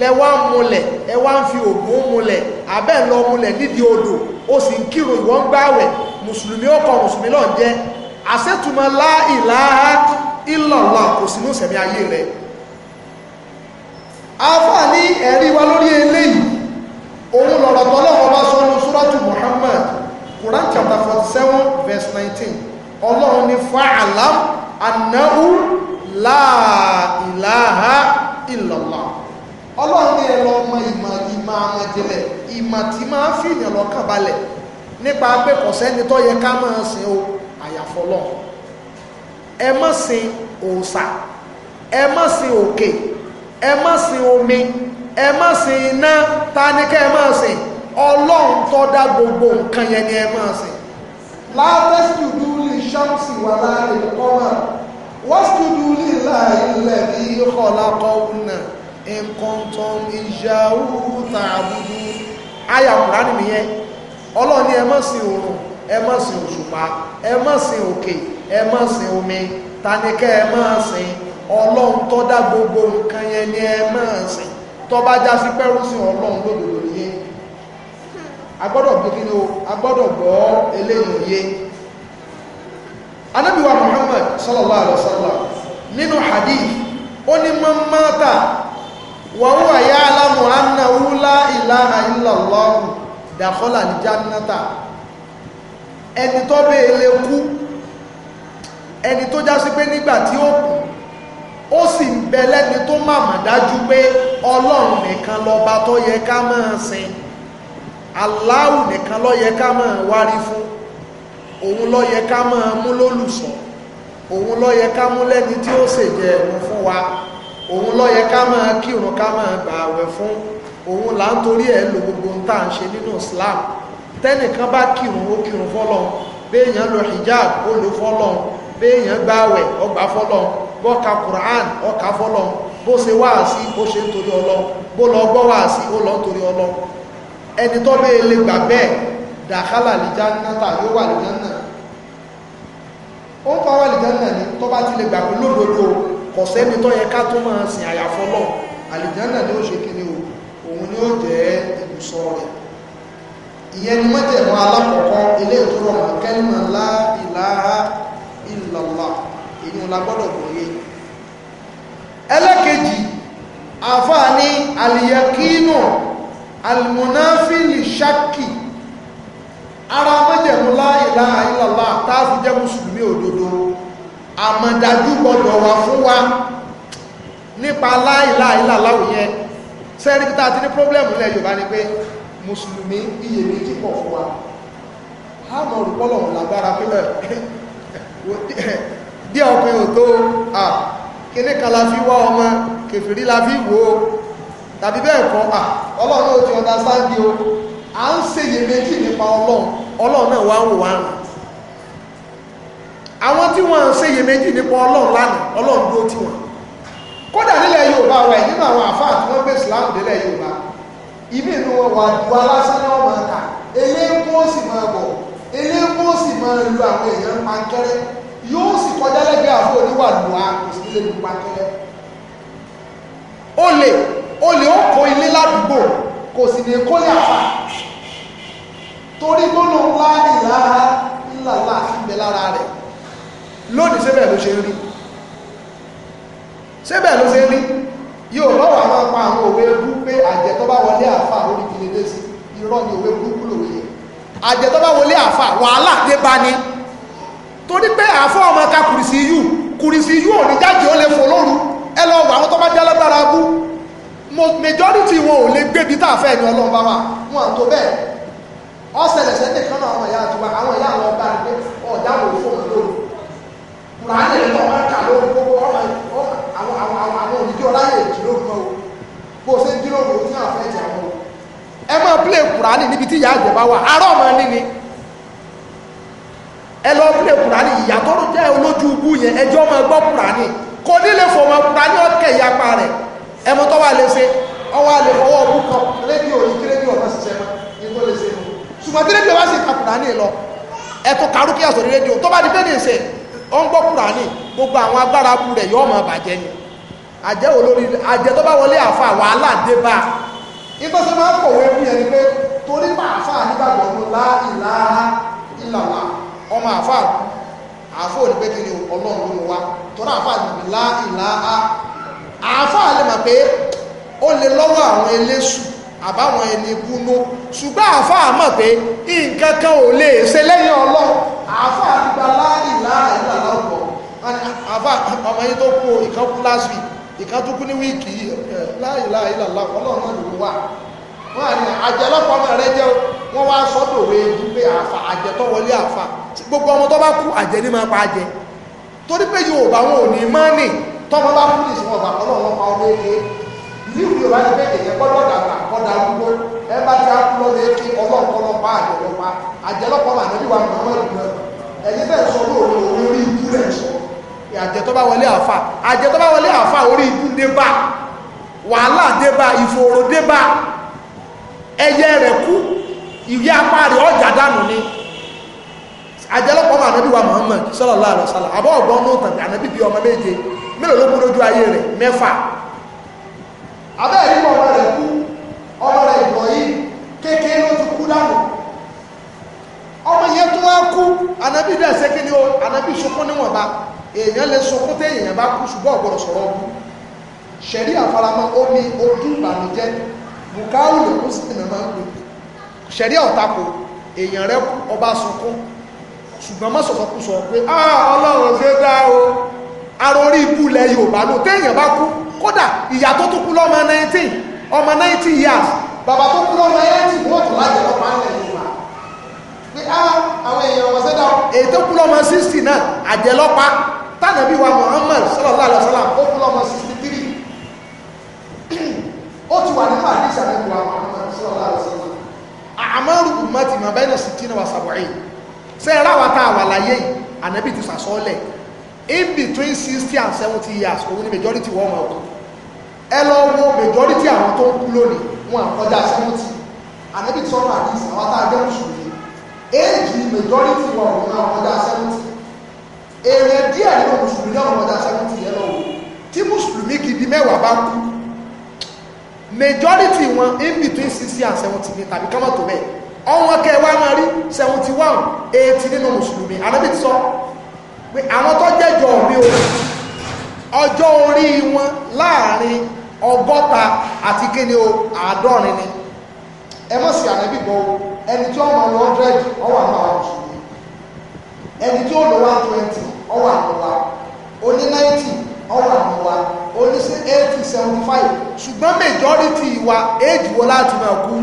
lẹ wá ń ẹ wá ń fi òògùn mulẹ̀ abẹ́ lọ mulẹ̀ nídìí odò ó sì ń kírun ìwọ́n ń gbààwẹ̀ mùsùlùmí ó kọ mùsùlùmí lọ́n jẹ́ àṣetumọ̀ lá ìlàhà ìlọ̀lọ̀ kò sínú sẹ̀mí ayé rẹ̀ ní òun lọ̀rọ̀ tọ́lọ́wọ́ bá sọ ní súrátù Muhammad Quran chapter forty-seven, verse 19 ọlọ́run ni fa'alam annahu la ilaha illallah ọlọ́run ni ẹ̀rọ ọmọ ìmọ̀ ìmọ̀ àmọ̀jìnlẹ̀ ìmọ̀ tí máa fi ìyàn lọ́kàn balẹ̀ nípa pé kò sẹ́ni tó yẹ ká máa sin o àyàfọ́lọ́ ẹ má sin òòṣà ẹ má sin òkè ẹ má sin omi ẹ má sìn iná ta ni kẹ́ ẹ má sìn ọlọ́run tó dá gbogbo nǹkan yẹn ni ẹ má sìn látẹ́sítù dúlì ṣámsì wà láàrin kọ́mà wọ́sítù dúlì láàrínlẹ̀ bí kọlákọ́wùnà nǹkan ìyàwó tààbùdú ayà kùránì nìyẹn ọlọ́run ni ẹ má sìn oòrùn ẹ má sìn òṣùpá ẹ má sìn òkè ẹ má sìn omi ta ẹ má sìn ọlọ́run tó dá gbogbo nǹkan yẹn ni ẹ má sìn tó bá já sí pẹ́rú sí ọlọ́run lódòdó yé agbọ́dọ̀ gbé kí ni o agbọ́dọ̀ gbọ́ eléyìí yé anábíwá Muhammad sallallahu alaihi wasallam nínú hadith ó ní man mata wa huwa ya'lamu annahu la ilaha illallah dakhala aljannata ẹni tó bẹ́ẹ̀ lè kú ẹni tó já sí pé nígbà tí ó kù ó sì ń bẹ lẹ́ni tó màmá dájú pé ọlọ́run nìkan lọ́ba tó yẹ ká máa sìn aláwù nìkan ló yẹ ká máa wárí fún òun ló yẹ ká máa mú lólùsọ òun ló yẹ ká mú lẹ́ni tí ó ṣèjẹ ẹ̀rùn fún wa òun ló yẹ ká máa kírun ká máa gbà àwẹ̀ fún òun là ń torí ẹ̀ lo gbogbo ń tà ń ṣe nínú Islam tẹ́nìkan bá kírun ó kírun fọ́lọ́run béèyàn lo hijab ó lo fọ́lọ́run béèyàn gbààwẹ̀ ó gbà fọ́lọ́run bọ́ka Quran ọkà fọ́lọ́ bó ṣe wáàsí ó ṣe ń torí ọlọ́ bó lọ gbọ́ wáàsí ó lọ ń torí ọlọ́ ẹni tó bẹ́ẹ̀ lè gbà bẹ́ẹ̀ dàkálà lè jánnátà yóò wà lè jánnà ó ń pàwà lè jánnà ni tó bá ti lè gbà pé lódodo kọ̀ sẹ́ni tó yẹ ká tó máa sìn àyàfọ́ lọ àlìjánnà ni ó ṣe kí o òun ni ó jẹ́ ibùsọ rẹ̀ ìyẹn ni mọ́tẹ̀mọ́ alákọ̀ọ́kọ́ ilé ìtura kẹ́lìmọ̀ lá ìlàhà ìyún la gbọ́dọ̀ kò yé ẹlẹ́kejì àfáàní àlìyẹkínú alìmọ̀náfíìlì ṣákì ara mẹ́jẹ̀mú lá ilaha illallah táàfi jẹ́ mùsùlùmí òdodo àmọ̀dájú gbọ́dọ̀ wà fún wa nípa lá ilaha illallah yẹn sẹ́rí tá a ti ní pọ́blẹ́mù ilẹ̀ Yorùbá ni pé mùsùlùmí iyèméjì pọ̀ fún wa a mọ̀ rùpọ́lọ̀ lágbára pílẹ̀ bí ọkùnrin ò tó à kíní kan la fi wá ọmọ kèfèrí la fi wò ó tàbí bẹ́ẹ̀ kọ́ à ọlọ́run ó ti ọ̀dà sáńdí o à ń ṣèyí méjì nípa ọlọ́run ọlọ́run náà wá ń wò wá rùn àwọn tí wọ́n ń ṣèyí méjì nípa ọlọ́run lánàá ọlọ́run dúró tí wọ́n kódà nílẹ̀ yorùbá wa nínú àwọn àfáà tí wọ́n gbé ìsìláàmù délẹ̀ yorùbá ibi inú wọn wà ju alásán náà máa kà eléégún ó sì máa bọ̀ eléégún ó sì máa lu àwọn èèyàn pankẹ́rẹ́ yóò sì kọjá lẹ́gbẹ̀ẹ́ àbúrò níwà lùwà kò sí ilé nípa kẹlẹ́ olè olè ó kó ilé ládùúgbò kò sì ní kólé àfà torí gbóná ńlá ìlàrá ńlàlá àti ìbẹ̀ lára rẹ̀ lónìí síbẹ̀ ló ṣe rí síbẹ̀ ló ṣe rí yóò bá wà máa pa àwọn òwe bú pé àjẹ́ tó bá wọlé àfà lórí ìdílé dé sí irọ́ ni òwe burúkú lòwe yẹn àjẹ́ tó bá wọlé àfà wàhálà dé bá ní torí pé àfọ́ ọmọ ká kùrìsì yù kùrìsì yù ò jáde ó lè fò lóru ẹ lọ wà majority wọn ò lè gbébi tá a fẹ́ ni ọlọ́run bá wà wọn à ń tó bẹ́ẹ̀ ọ̀sẹ̀lẹ̀ sẹ́tẹ̀ kan náà àwọn ìyá àti wa àwọn ìyá àwọn ọba wò lóru lọ kà lóru gbogbo àwọn àwọn o bó ṣe ń dílógún o àfẹ́ ìjà wọn ẹ máa ẹ lọ pílè kùránì ìyá tó ló jẹ́ olójú ubú yẹn ẹjọ́ ọmọ ẹgbọ́ kùránì kò nílé fọmọ kùránì ọ̀kẹ́ ìyapa rẹ̀ ẹmọ tó wà lè ṣe ọwọ́ àlè ọwọ́ ọkú kan rédíò yìí kí rédíò ọ̀nà ṣiṣẹ́ mọ́ ní tó lè ṣe nù ṣùgbọ́n tí rédíò wá sí ìka kùránì lọ ẹ̀tọ́ karùkí àsọ̀rí rédíò tó bá di bẹ́ẹ̀ ní ṣe ọ ń gbọ́ kùránì gbogbo àwọn agbára bu rẹ̀ yọ ọmọ bàjẹ́ ni àjẹ́ olórí àjẹ́ tó bá wọlé àfa wàhálà dé bá ìtọ́sí máa ń kọ̀wé fún yẹn ni ìlàwà ọmọ àfáà àfọ́ òní pé kí ni ọlọ́run ló mú wá tọ́lá àfáà lè lá ìlà á àfáà lè mọ̀ pé ó lè lọ́wọ́ àwọn eléṣù àbáwọn ẹni gúnú ṣùgbọ́n àfáà mọ̀ pé nǹkan kan ò lè ṣe lẹ́yìn ọlọ́run àfáà ti gba lá ìlà ìlà lọ́pọ̀ àfáà ọmọ yìí tó kú ìkan kú last week ìkan tó kú ní wíìkì yìí lá ìlà ìlà lọ́pọ̀ ọlọ́run náà ló wà wọ́n àjẹ́ lọ́pọ̀ ọmọ rẹ jẹ́ wọ́n wá sọ́dọ̀ wé ibú pé àfà àjẹ tó wọlé àfà gbogbo ọmọ tó bá kú àjẹ ní máa pa àjẹ torí pé yorùbá wọn ò ní mọ́nì tọ́mọ bá kú nìsín ọ̀gá ọlọ́run pa ọmọ èké ìlú yorùbá ti bẹ́ẹ̀ kẹ̀kẹ́ gbọ́dọ̀ dàgbà kọ́dà arúgbó ẹ bá ti akú lọ́dọ̀ èké ọlọ́ọ̀kọ́lọ́pá àjọlọ́pá àjẹlọ́pọ̀ màdébí wa mọ̀ọ́mọ́ ìgbẹ́ ẹ̀yẹ rẹ̀ kú ìwé apá rẹ̀ ọjà dànù ni àjẹlọpọ̀ ọmọ ànábì wa Muhammad sallallahu alaihi wasallam àbọ̀ ọ̀gbọ́n ní òtàn ànábì bíi ọmọ méje mélòó ló kú lójú ayé rẹ̀ mẹ́fà abẹ́ẹ̀rí ọmọ rẹ̀ kú ọmọ rẹ̀ ìbọ̀ yìí kékeré ló ti kú dànù ọmọ yẹn tó wá kú ànábì dẹ̀ ṣe kí ni o ànábì sunkún níwọ̀nba èèyàn lè sunkún tẹ́ èèyàn bá kú ṣùgbọ́n ọ̀gbọ̀dọ̀ sọ̀rọ̀ ọkú ṣẹ̀rí àfaramọ́ omi ojú ìbànújẹ́ bùkáwù lè kú sí ìnàmọ́ pé ṣẹ̀rí ọ̀tako èèyàn rẹ ọba sunkún ṣùgbọ́n má sọ̀sọ́ kú sọ pé ah ọlọ́run ṣe dá o arorí ibú ilẹ̀ yorùbá ló téèyàn bá kú kódà ìyá tó tún kú lọ́mọ 19 ọmọ 90 years bàbá tó kú lọ́mọ 90 wọ́n tún lájẹ̀ lọ́pàá ń lẹ̀ yorùbá pé ah àwọn èèyàn ọmọ ṣe dá o èyí tó kú lọ́mọ 60 náà àjẹlọ́pàá tánàbí wa Muhammad sallallahu alaihi wasallam ó kú lọ́mọ 63 ó ti wà nínú àdíṣà nípa Muhammad sallallahu alaihi wasallam àmọ́rù ummati ma bayna sittina wa sab'in ṣe é ráwa tá a wà láyé yìí ànábì ti sàsọ́ọ́lẹ̀ in between sixty and seventy years òun ni majority wọ́n máa kú ẹ lọ wo majority àwọn tó ń kú lónìí wọn àkọjá seventy ànábì ti sọ́nà àdìsí àwọn tá a jẹ́ mùsùlùmí éèjì majority wọn òun náà àkọjá seventy èèyàn díẹ̀ nínú mùsùlùmí náà àkọjá seventy yẹn lọ wò tí mùsùlùmí gidi mẹ́wàá bá kú majority wọn in between sixty and seventy ni tàbí kọ́mọ̀ tó bẹ́ẹ̀ ọ̀wọ́n kẹ́ máa rí seventy one eighty nínú mùsùlùmí anábì sọ pé àwọn tó jẹ́jọ mi o ọjọ́ orí wọn láàrin ọgọ́ta àti kíni o àádọ́rin ni ẹ mọ̀ sí anábì gbọ́ o ẹni tí ó mọ̀ lọ hundred ọwọ́ àwọn àwọn mùsùlùmí ẹni tí ó lọ one twenty ọwọ́ àwọn wa oní ninety ọwọ́ àwọn wa ó ní sí eighty seventy five ṣùgbọ́n majority wa age wo láti máa kú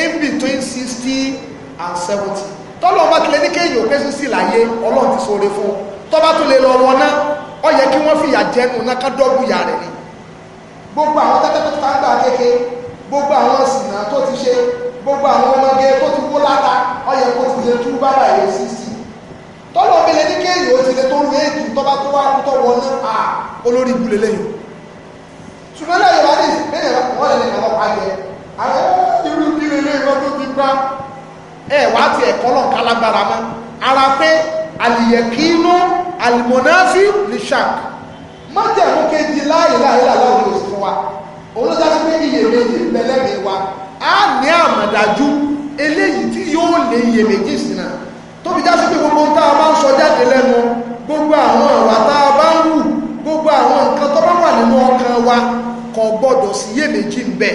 in between 60 and 70. tọ́lọ́ ọba tilẹ̀ ní kéèyàn pé sísì láyé ọlọ́run ti sóore fún un tọ́ba tó lè lọ wọn náà ó yẹ kí wọ́n fìyà jẹnu náà ká dọ́gbù ìyá rẹ̀ ni gbogbo àwọn tẹ́tẹ́tẹ́ tó tàǹgbà kéke gbogbo àwọn sìnà tó ti ṣe gbogbo àwọn ọmọge tó ti wó láta ó yẹ kó ti lè tú bàbá yẹn sísì tọ́lọ̀ ọ̀bẹ̀lẹ̀ ní kéèyàn ó ti lè tó rú èdè tọ́ba tó wá tó wọ náà olórí ibùlé lẹ́yìn ṣùgbọ́n náà yorùbá ní ìpínlẹ̀ wọn lè ní àwọn pàjẹ́ àwọn irú ìdílé lẹ́yìn wọn tó ti gbá ẹ wá ti ẹ̀kọ́ náà kálágbára mọ́ ara pé àlìyẹ̀kínú àlìmọ̀náfí lè tó fi já sí pé gbogbo tá a bá ń sọ jáde lẹ́nu gbogbo àwọn ìwà tá a bá ń wù gbogbo àwọn nǹkan tó bá wà nínú ọkàn wa kò gbọ́dọ̀ sí iyèméjì ń bẹ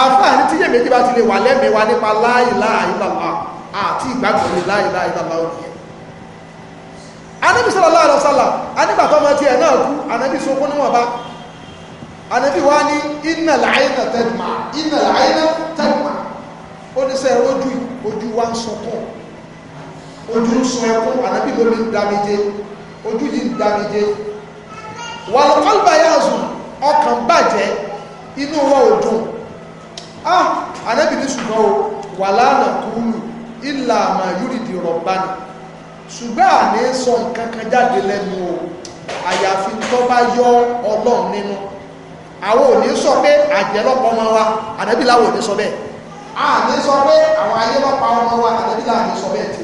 àfáàní tí iyèméjì bá ti lè wà lẹ́mìí wa nípa la ilaha illallah àti ìgbàgbọ́ ní la ilaha illallah ònìyẹn anabi sallallahu alaihi wasallam anigba tó ọmọ tiẹ̀ náà kú anabi sọkún níwọ̀n bá anabi wa ní iná làáyínà tẹ́gbà iná làáyínà tẹ́gbà ó ní sẹ́yìn ojú ojú wa ń sọkún ojú ń sun ẹkún ànábì lómi ń damije ojú yìí ń damije wàlọ́kọ́lùbà yáàzù ọkàn bàjẹ́ inú wọn ò dùn ah anabi ní ṣùgbọ́n o wà lánà kúrú ìlà àmà yúrìdì rọ̀bánì ṣùgbọ́n àní sọ nǹkan kan jáde lẹ́nu o àyàfi tó bá yọ ọlọ́run nínú àwọn ò sọ pé àjẹlọ́pọ̀ ọmọ wa ànábì láwọn ò ní sọ bẹ́ẹ̀ àní sọ pé àwọn ayélọ́pàá ọmọ wa ànábì láwọn ò ní sọ bẹ́ẹ̀ tí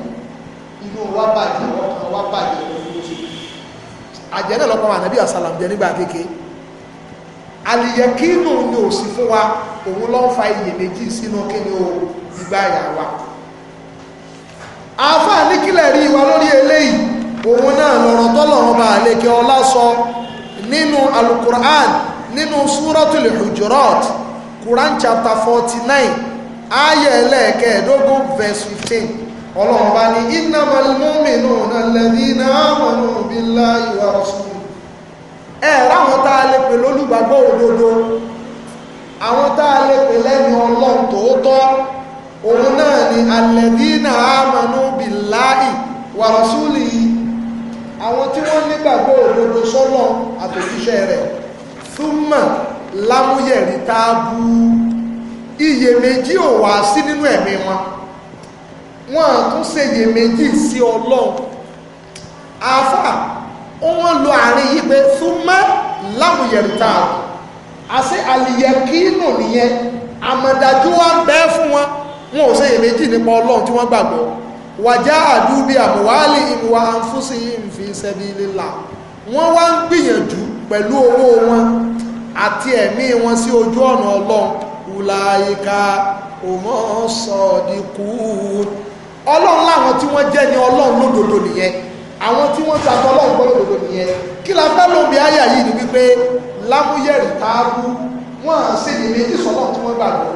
inú wa bàjẹ́ ọkàn wa bàjẹ́ lójì àjẹ́ náà lọ́kọ̀ ànábì àsàlàm jẹ́ nígbà kéke àlìyẹ̀kínù ni ò sí fún wa òun ló ń fa iyèméjì sínú kíni o ìgbà àyà wa àáfàá ní kílẹ̀ rí wa lórí eléyìí òun náà lọ̀rọ̀ tọ́lọ̀rọ̀ bá àlékè ọlá sọ nínú alukur'an nínú súrọ́tùlì hujurat quran chapter forty nine ayẹ̀ ẹlẹ́ẹ̀kẹ́ẹ̀dógún verse fifteen ọlọ́run bá ní innamal mu'minuna alladhina amanu billahi wa rasulihi ẹ ráwọn tá a lè pè lólùgbàgbọ́ òdodo àwọn tá a lè pè lẹ́nu ọlọ́run tòótọ́ òun náà ni alladhina amanu billahi wa rasulihi àwọn tí wọ́n nígbàgbọ́ òdodo sọ́lọ́ àtòjíṣẹ́ wọ́n à tún ṣèyè méjì sí ọlọ́run àáfà wọ́n lo àárín yìí pé súnmọ́ láwùyẹ̀rìtà àṣẹ àlìyẹ̀kínù nìyẹn àmọ̀dájú wa ń bẹ́ fún wọn wọn ò ṣèyè méjì nípa ọlọ́run tí wọ́n gbàgbọ́ wàjá àdúbí àmúwálì ìwà àǹfúsí ìfì ìṣẹ́bí lílà wọ́n wá ń gbìyànjú pẹ̀lú owó wọn àti ẹ̀mí wọn sí ojú ọ̀nà ọlọ́run wùlà ìka òmọ́ sọ̀dìkú ọlọ́run láwọn tí wọ́n jẹ́ ni ọlọ́run lódodo nìyẹn àwọn tí wọ́n ta tọ́lọ́run gbọ́ lódodo nìyẹn kí la fẹ́ lóbi àyà yìí ni wípé lámúyẹ̀rì táàbù wọ́n à ń ṣe ní méjì sọ́lọ́ tí wọ́n gbàgbọ́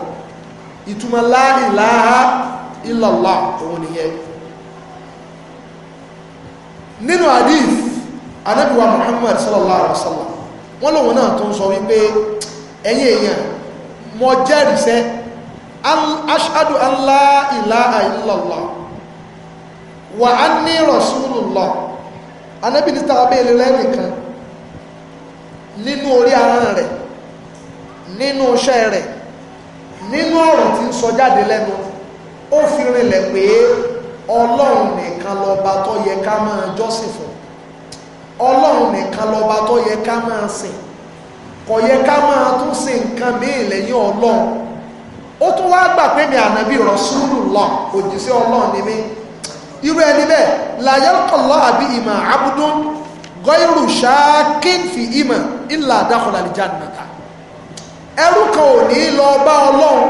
ìtumọ̀ la ilaha òun nìyẹn nínú hadith anábìwá Muhammad sallallahu alaihi wasallam wọ́n lòun náà tó ń sọ wípé ẹ̀yin èèyàn mo jẹ́rìí sẹ́ ashhadu an la wà á ní Rasulullah anábì ní tàbí ilé lẹ́nìkan nínú orí ara rẹ̀ nínú iṣẹ́ rẹ̀ nínú ọ̀rọ̀ tí ń sọ jáde lẹ́nu ó fi rinlẹ̀ pé ọlọ́run nìkan lọ́ba tó yẹ ká máa jọ́sìn fún ọlọ́run nìkan lọ́ba tó yẹ ká máa sìn kò yẹ ká máa tún ṣe nǹkan míì lẹ́yìn ọlọ́run ó tún wá gbà pé mi ànábì Rasulullah òjíṣẹ́ ọlọ́run ni mí irú ẹni bẹ́ẹ̀ làyẹ́kọ̀lọ́ àbí ìmọ̀ àbúdún gọ́ìrù ṣáàkín fi ìmọ̀ ìlà àdákọ̀lá lè jánàtà ẹrú kan ò ní lọ bá ọlọ́run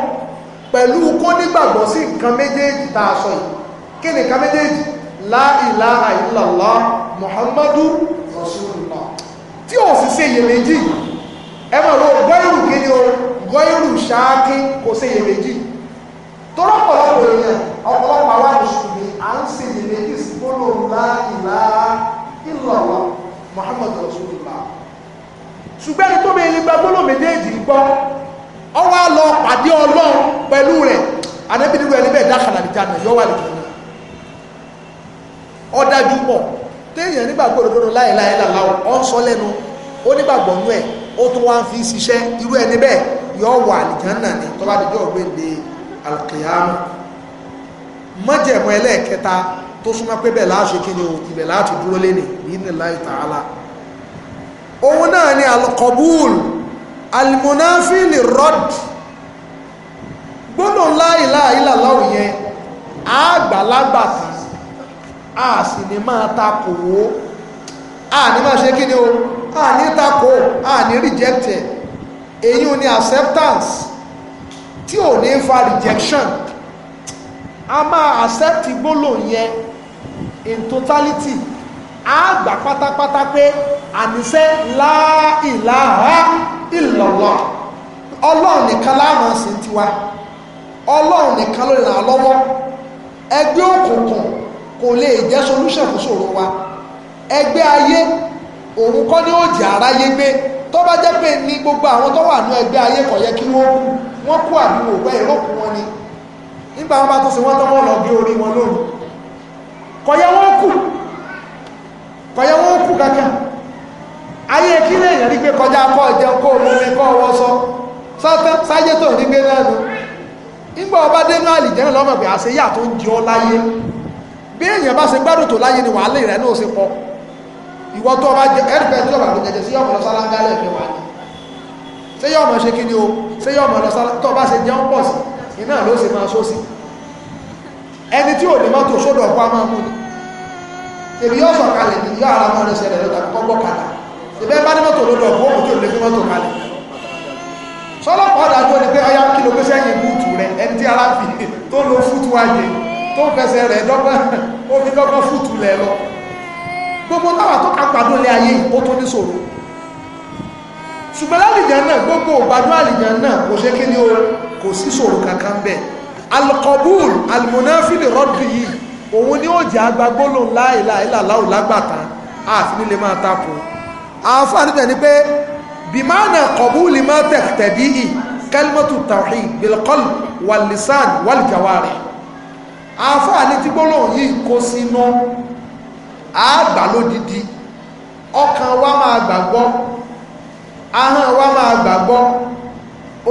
pẹ̀lú kó nígbàgbọ́ sí nǹkan méjèèjì tá a sọ yìí kí ni nǹkan méjèèjì láìlá àìlàlá muhammadu rasulullah tí ò sì ṣe iyèméjì ẹ mọ̀ gọ́ìrù kí ni o gọ́ìrù ṣáàkín kò ṣe iyèméjì ṣùgbọ́n ẹni tó bẹ ilé gbàgbọ́lò méjèèjì gbọ́ ọwọ́ á lọ pàdé ọlọ́run pẹ̀lú rẹ̀ anábìnrin rẹ̀ níbẹ̀ dákàlà níjà náà yọ wà lẹ́yìn ọ̀dájú pọ̀ téèyàn nígbàgbọ́ òdodo láìláì làláwọ̀ ọ̀ ń sọ lẹ́nu ó nígbàgbọ́ nú ẹ̀ ó tún wá ń fi ṣiṣẹ́ irú ẹni bẹ́ẹ̀ yọ wà àlìjánà ni tó bá dijọ́ ògbéǹde alkiyama mọ́jẹ̀mọ́ ẹlẹ́ẹ̀kẹta tó súnmọ́ pé bẹ́ẹ̀ láṣẹ kí ni o ìbẹ̀ òun náà ni alkobul almunafili rod gbọ́nà láìlá ìlàláwò yẹn àgbàlagbàtà a sì ní máa takò ó a ní máa ṣe kí ni o a ní takò a ní rejected èyí ni acceptance tí ò ní fa rejection a máa accept gbọ́nà yẹn in totality á gbà pátápátá pé àníṣe láìláha ìlọ̀lọ̀ ọlọ́run nìkan láàmú sí tiwa ọlọ́run nìkan ló lè ràn án lọ́wọ́ ẹgbẹ́ òkùnkùn kò lè jẹ́ solution fún ṣòro wa ẹgbẹ́ ayé òun kọ́ ni ó aráyé gbé tó bá jẹ́ pé ní gbogbo àwọn tó wà ní ẹgbẹ́ ayé kò yẹ kí wọ́n kú wọ́n kú àdúgbò wọn ni nígbà wọn bá tó ṣe lọ gbé orí wọn lónìí kò yẹ kọ̀yẹ́ wọ́n kù kankan ayé kí lèèyàn rí pé kọjá kọ́ jẹun kó omi kọ́ ọwọ́ sọ sọ́tán sáyé tó rí gbé náà nù nígbà ọba dénú àlìjẹ́ lọ́mọ pé àṣeyà tó ń jẹ ọ́ láyé bí èèyàn bá ṣe gbádùn tó láyé ni wàhálà rẹ̀ náà ṣe pọ̀ ìwọ tó ọba jẹ ẹ̀rùpẹ̀ tó lọ́ba ló jẹjẹ sí ọmọ lọ́sára ń gálẹ̀ ẹ̀fẹ́ wáyé ṣé yọ ọmọ ṣe kí ni o ṣé yọ ọmọ lọ́sára tó ọba ṣe jẹun pọ̀ sí iná ló ṣe máa só sí ẹni tí ò ní mọ́tò sódò ọ̀pá máa mú ni èmi yóò sọ kalẹ̀ ní yóò ara mọ́rin ṣẹlẹ̀ lọ́ta kọ́kọ́ kalẹ̀ ìbẹ́ bá ní mọ́tò lọ́dọ̀ fún òun tí ò lè fi mọ́tò kalẹ̀ sọ́lọ́pọ̀ ọ̀dájọ́ ni pé ọya kí ló gbé sẹ́yìn búùtù rẹ̀ ẹni tí ara fi tó lo fútu ayé tó fẹsẹ̀ rẹ̀ dọ́gbọ́n ó fi dọ́gbọ́n fútu lẹ̀ lọ gbogbo táwa tó kápádùn lé ayé ó tó ní ṣòro ṣùgbọ́n lálìjẹ́ náà gbogbo ògbádùn àlìjẹ́ náà kò ṣe kí ni ó kò sí ṣòro kankan bẹ́ẹ̀ alkọ̀bùl almonafil rọ́dì yìí òun ni ó jẹ́ agbagbólò ńlá ìlà ìlà láwù lágbàtà àfi nílé máa tako àáfà níbẹ̀ ni pé bimana kọ̀búlì máa tẹ̀tẹ̀dí ì kẹlmọ́tù tàwí bilkọ́l wàlìsàn wàlìjàwárì àáfà ní tí gbólò yìí kó sínú àgbà lódìdí ọkàn wa máa gbàgbọ́ ahọ́n wa máa gbàgbọ́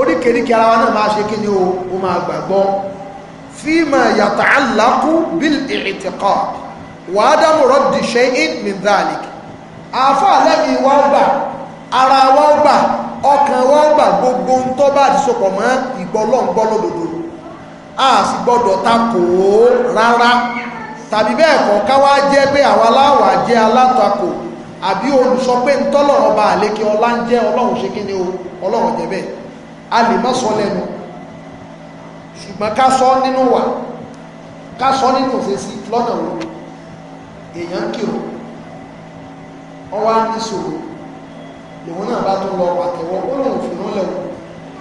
oríkèéríkèé ara wa náà máa ṣe kí ni o máa gbàgbọ́ fíìmà yàtà aláàkú bíl ìrìtìkọ́ wàádámù rọ́dì ṣẹ́yìn mìdálì àfà lẹ́mi wá gbà ara wá gbà ọkàn wá gbà gbogbo ń tọ́ bá ti sopọ̀ mọ́ ìgbọ́lọ́ngbọ́ lódodo a sì gbọ́dọ̀ ta kò ó rárá tàbí bẹ́ẹ̀ kọ́ káwá jẹ́ pé àwa láwà jẹ́ alátakò àbí olùsọ pé ń tọ́lọ̀ ọba àlékè ọlá ń jẹ́ ọlọ́run ṣe kí ni o ọlọ́run jẹ́ bẹ́ẹ̀ a lè má sọ lẹ́nu ṣùgbọ́n ká sọ nínú wà ká sọ nínú òṣèṣì lọ́nà wo èèyàn kìrò ọwá níṣòro lòun náà bá tó lọ pàtẹ́wọ́ ó lòun fi rán lẹ́wọ́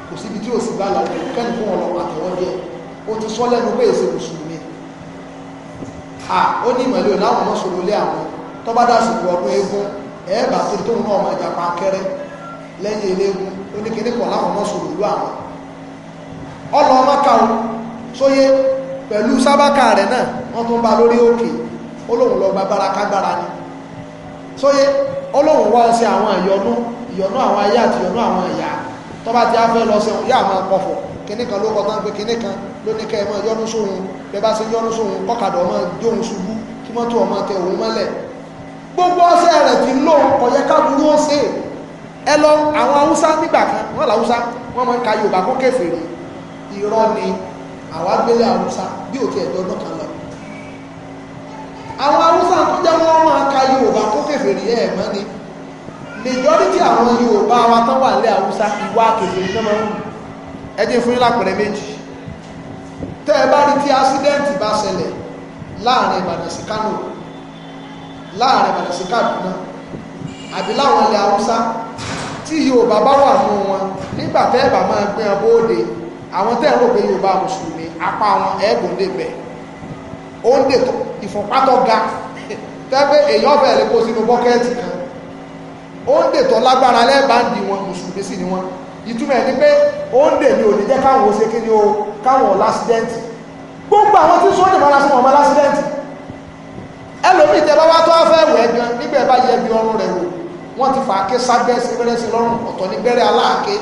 kò síbi tí ò sí bá làwọn kẹ́ni fún wọn pàtẹ́wọ́ ó ti sọ lẹ́nu pé èsè mùsùlùmí à ó ní ìmọ̀lẹ́ ò láwọn lé àwọn tó bá sí ọdún eégún ẹ̀ẹ́bà tó tóun náà ọmọ ìjàpá kẹrẹ lẹ́yìn eléégún ó ọlọ mọ́ka o sóyé pẹ̀lú sábàkà rẹ̀ náà wọ́n tún bá lórí òkè olóhùn lọ gbàgbára kágbára ni sóyé olóhùn wá sí àwọn ìyọnú ìyọnú àwọn ayé àti ìyọnú àwọn ìyá tó bá ti á fẹ́ lọ sẹ́wọ̀n yá máa pọ̀fọ̀ kíní kan ló kọ tán pé kíní kan ló ní kẹ́ ẹ mọ́ yọnu sóhun bẹ́ẹ̀ bá ṣe yọnu sóhun kọ́kadà ọmọ jóhun ṣubú kí mọ́tò ọmọ tẹ òun mọ́lẹ̀ gbogbo ọsẹ rẹ̀ ti lò ọyẹ káburú ọsẹ ẹ lọ àwọn haúsá nígbà kan wọn làwúsá wọn máa ń ka yorùbá kó kèfèrí irọ́ ni àwọn agbélé haúsá bí òkè ẹ̀dọ́ ọdún kan lọ àwọn haúsá tó jẹ́ wọ́n máa ka yorùbá tó kèfèrí ẹ̀ mọ́ ni majority àwọn yorùbá wa tán wà lẹ́ haúsá ìwà kèfèrí náà máa ń wù ẹ jẹ́ fún yín lápẹ̀rẹ̀ méjì tẹ́ ẹ bá rí tí ásídẹ́ǹtì bá ṣẹlẹ̀ láàrin ìbàdàn sí kánò láàrin ìbàdàn sí kàdúná àbí láwọn ilẹ̀ haúsá tí yorùbá bá wà mú wọn nígbà tẹ́ ẹ bá máa gbé ọ bóde àwọn tẹ́ ń rò pé yorùbá mùsùlùmí apá wọn ẹ̀ẹ́gùn lè bẹ̀ ó ń dè ìfọ̀pátọ́ ga tẹ́gbẹ́ èèyàn bẹ̀rẹ̀ lè kó sínú bọ́kẹ́ẹ̀tì kan ó ń dè tọ́ lágbára lẹ́ẹ̀bàndì wọn mùsùlùmí sì ni wọn ìtumọ̀ ẹ̀ ni pé ó ń dè ní òní jẹ́ káwọn ó ṣe kí ni o káwọn ọ̀ lásídẹ́ǹtì gbogbo àwọn tí sọ́ọ́dẹ̀ máa lásìkò ọmọ lásídẹ́ǹtì ẹlòmíì tẹ bá wá tó fẹ́ wẹ̀ gan nígbà ẹ bá yẹ bí ọrùn rẹ̀ wò wọ́n ti fà á ké sábẹ́ sí gbẹ́rẹ́ sí lọ́rùn ọ̀tọ̀ ní gbẹ́rẹ́ aláàké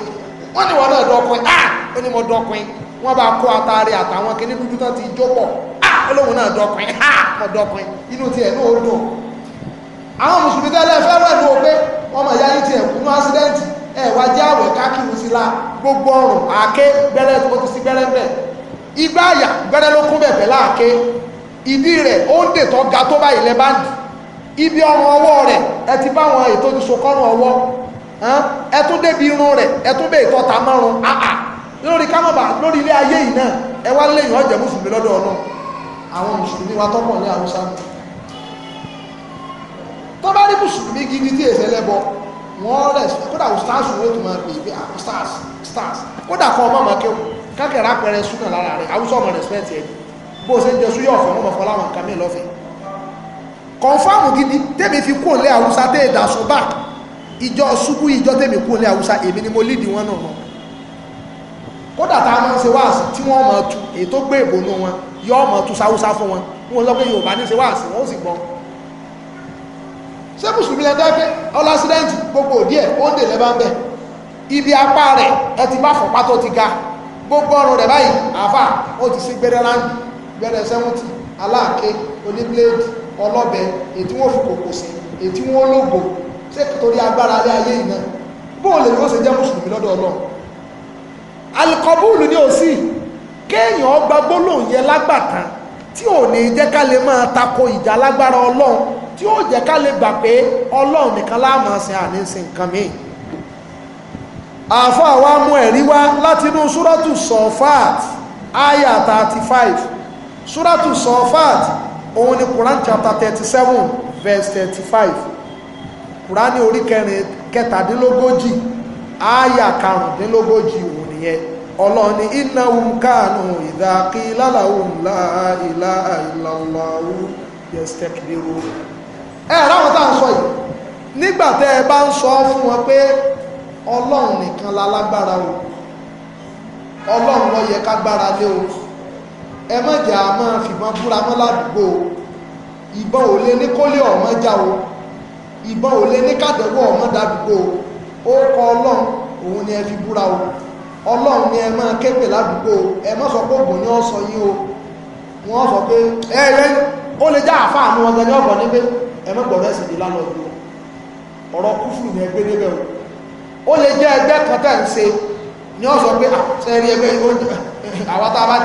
wọ́n ní wọ́n náà dọ́kùn ah ó ní mo dọ́kùn wọ́n bá kó atari àtàwọn kìíní dúdú tán ti jó pọ̀ ah olóhùn náà dọ́kùn ah mo dọ́kùn inú tiẹ̀ ní odò àwọn mùsùlùmí tẹ́lẹ̀ fẹ́rẹ̀ ló pé wọ́n mọ̀ yáyí tiẹ̀ kú ní ásídẹ́ǹtì ẹ̀ wá jẹ́ àwẹ̀ kákìrù sí la gbogbo ọrùn àáké gbẹ́rẹ́ tó ti sí gbẹ́rẹ́ bẹ̀ igbá àyà gbẹ́rẹ́ ló kún bẹ̀bẹ̀ láàké ìdí rẹ̀ ó ń dètò ga tó báyìí lẹ́bàndì ibi ọrùn ọwọ́ rẹ̀ ẹ ti bá àwọn ètò ìṣokọ́nù ọwọ́ ẹtún débi irun rẹ̀ ẹtún bẹ́ẹ̀ ìtọta márùn áà lórí kámọba lórí ilé ayé yìí náà ẹ wá léyìn ọ̀jẹ̀ mùsùlùmí lọ́dọ̀ ọlọ́ àwọn mùsùlùmí wa ní tó bá rí mùsùlùmí gidi tí èsẹ lẹ́bọ kódà stars wo tó máa ah, stars stars kódà ọmọ súnà lára ọmọ respect bó ṣe ń jẹ wọn fọlá wọn kàmí gidi fi kó lé ìjọ ṣubú ìjọ tèmi kú ní haúsá èmi ni mo lídìí wọn náà wọn kódà tá a máa ń ṣe wáàsí tí wọ́n máa tu èyí tó gbé ìbònú wọn yọ ọ́ máa tu sáwúsá fún wọn wọn sọ pé yorùbá ní ṣe wáàsí wọn ó sì gbọ́ ṣé mùsùlùmí lẹ́dọ́ pé ọlásídẹ́ǹtì gbogbo òdí ẹ̀ ó ń dè lẹ́bàá ń bẹ̀ ibi apá rẹ̀ ẹ ti bá fọ̀pá tó ti ga gbogbo ọrùn rẹ̀ báyìí àáfà ó ti sí gbẹrẹ ráńdì gbẹrẹ sẹ́wọ́ntì aláàké oníbíléèdì ọlọ́bẹ ètí wọ́n fi kòkò sí ètí wọ́n lógo ṣé torí agbára alẹ́ ayé yìí náà bóò lè kọ́ ṣe jẹ́ mùsùlùmí lọ́dọ̀ ọlọ́run alikọ́bùlù ni ò sí kéèyàn gba gbólóhùn yẹn lágbàtàn tí ò ní jẹ́ ká lè máa tako ìjà lágbára ọlọ́run tí ó jẹ́ ká lè gbà pé ọlọ́run nìkan láàmú sin àní sin nǹkan mi àfọ́ àwa mú ẹ̀rí wá látinú súrọ́tù sọ̀fáàt àyà 35 súrọ́tù sọ̀fáàt òun ni Quran chapter thirty seven verse thirty five kùránì orí kẹrin kẹtàdínlógójì ááyà karùndínlógójì òun nìyẹn ọlọ́run ní innahum kanu idha qila lahum la ilaha illallah yastakbiru ẹ ráwọn tá à ń sọ yìí nígbà tẹ́ ẹ bá ń sọ fún wọn pé ọlọ́run nìkan la lágbára o ọlọ́run ló yẹ ká gbára lé o ẹ mọ̀jà máa fìbọn búra mọ́ ládùúgbò ìbọn ò lè ní kólé ọ̀mọ́jà o ìbọn ò lè ní kàdẹ́wọ̀ ọmọ dàdúgbò ó kọ ọlọ́run òun ni ẹ fi búra o ọlọ́run ni ẹ máa képe ládùúgbò ẹ má sọ pé ògùn ni wọ́n sọ yín o wọ́n sọ pé ẹ ẹ ó lè já àáfàá àmú wọn gẹ́gẹ́ ọ̀gbọ̀n níbẹ̀ ẹ má gbọ̀dọ̀ ẹ̀sìn ìlànà ọ̀dọ́ ọ̀rọ̀ kúfù ni ẹgbẹ́ níbẹ̀ o ó lè jẹ́ ẹgbẹ́ kan tẹ̀ ń ṣe ni wọ́n sọ pé sẹ́rí ah, ẹgbẹ́ oúnjẹ àwọn tá a bá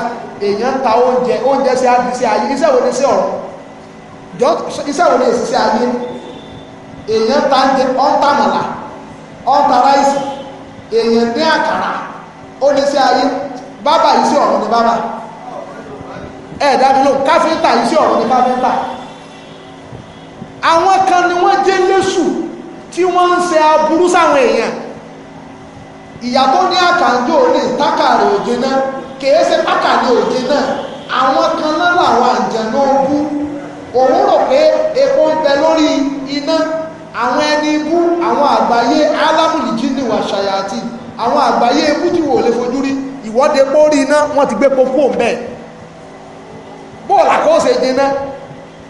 èèyàn ń ta oúnjẹ oúnjẹ sí àdìsí ayé iṣẹ́ wo ni sí ọ̀rọ̀ iṣẹ́ wo ni èsì sí ayé èèyàn ta ń jẹ ọ̀ntàmọ̀là ọ̀ntà ráìsì èèyàn dín àkàrà ó ní sí ayé bábà yìí sí ọ̀run ní bábà ẹ̀ dábì lóhùn káfíńtà yìí sí ọ̀run ní káfíńtà àwọn kan ni wọ́n jẹ́ lẹ́sù tí wọ́n ń ṣe aburú sáwọn èèyàn ìyá tó ní àkànjọ ní tákàrí òjé náà kìí ṣe tákàrí òjé náà àwọn kan náà làwọn àjẹ̀nà ogún òun rò pé epo ń bẹ lórí iná àwọn ẹni ibú àwọn àgbáyé alámùlìjí ní wà àwọn àgbáyé ibú tí wò lè fojú rí ìwọ́de pórí iná wọ́n ti gbé pópó bẹ́ẹ̀ bóòlù àkọ́ọ̀sẹ̀ jiná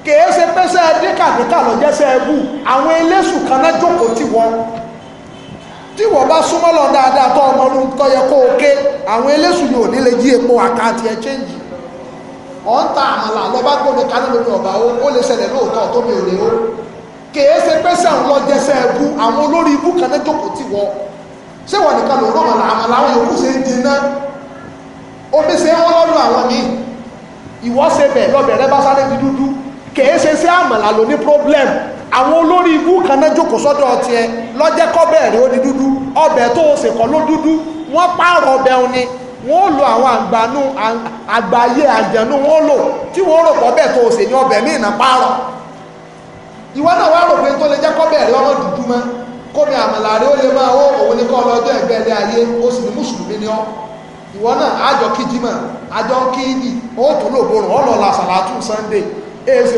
kèé ṣe pẹ́sẹ́ díkàdíkà lọ ẹbú àwọn eléṣù kan náà jókòó tì wọ́n tí wọ́n bá súnmọ́ lọ dáadáa tó ọmọ ọdún tó yẹ kó o ké epo àkáǹtì ẹ̀ ọ̀ ń ta àmàlà gbọ́dọ̀ kánú ọ̀bà ó lè kèé ṣe pé sẹ́wọ̀n lọ jẹsẹ̀ ẹ̀kú àwọn olórí ibú kan náà jókòó tì wọ́ ṣé wọ́n nìkan ló rọ̀mọ̀ làwọn làwọn yòókù ṣe ń dinná omi ṣe ń lọ́dún àwọn míì ìwọ́ ṣe bẹ̀ lọ́bẹ̀ rẹ bá sáré di dúdú kèé ṣe sí àmàlà ló ní problem àwọn olórí ibú kan náà jókòó sọ́dọ̀ tiẹ̀ lọ́jẹ́ kọ́ bẹ̀rẹ̀ ó di dúdú ọbẹ̀ tó o ṣe kọ́ ló dúdú wọ́n pààrọ̀ ọbẹ̀ òní wọ́n lo àwọn àgbànú àgbáyé àjẹnú wọ́n lò tí wọ́n rò pọ̀ bẹ́ẹ̀ tó o ṣe ọbẹ̀ míì náà pààrọ̀ ìwọ náà wá rò pé tó lè jẹ́ bẹ̀rẹ̀ ọmọ dúdú mọ́ kómi ó lè máa ó òun ní kọ́ lọ́jọ́ ẹ̀gbẹ́ ilé ayé ó sì ní mùsùlùmí ni ọ́ ìwọ náà àjọ kíjímà àjọ kíyìí ó tún lò borùn ọ̀lọ́ la sàlátù ṣe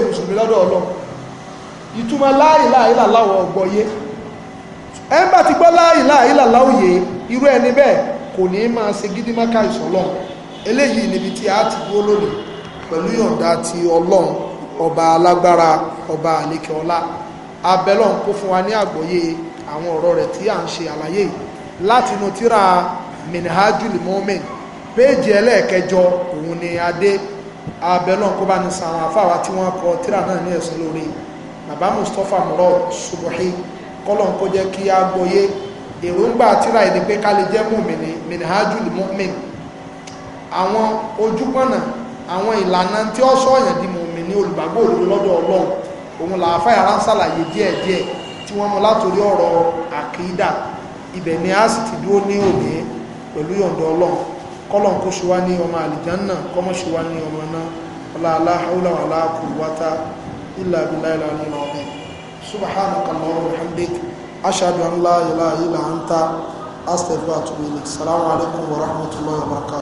mùsùlùmí lọ́dọ̀ ọlọ́ ìtumọ̀ ọgbọ̀yé ẹ̀ ń bá ti gbọ́ irú ẹni ti ọba alágbára ọba àlekè ọlá abẹ́lọ́n kó fún wa ní àgbọ́yé àwọn ọ̀rọ̀ rẹ̀ tí à ń ṣe àlàyé láti inú tíra minhajul mu'min péèjì ẹlẹ́ẹ̀kẹjọ òun ni adé abẹ́lọ́n kó bá ní sàwọn afáwa tí wọ́n kọ tíra náà ní ẹ̀sùn lórí bàbá mustapha murad subuhi kọ́lọ́n kó jẹ́ kí a èròǹgbà tíra ìdí pé ká lè jẹ́ mùmìnì minhajul mu'min àwọn ojúpọ̀nà àwọn ìlànà tí ó sọ ọ̀yàn di mùmìnì ní olùgbàgbọ́ òdodo lọ́dọ̀ ọlọ́run òun làáfà yàrá ń sàlàyé díẹ̀díẹ̀ tí wọ́n mú látòrí ọ̀rọ̀ àkídà ibẹ̀ ni a sì ti dúró ní òní pẹ̀lú yọ̀ǹda ọlọ́run kọ́lọ̀n kó ṣe wá ní ọmọ àlìjánà kọ́mọ́ ṣe wá ní ọmọ náà ọlá aláhàúlà wà láàkù wátá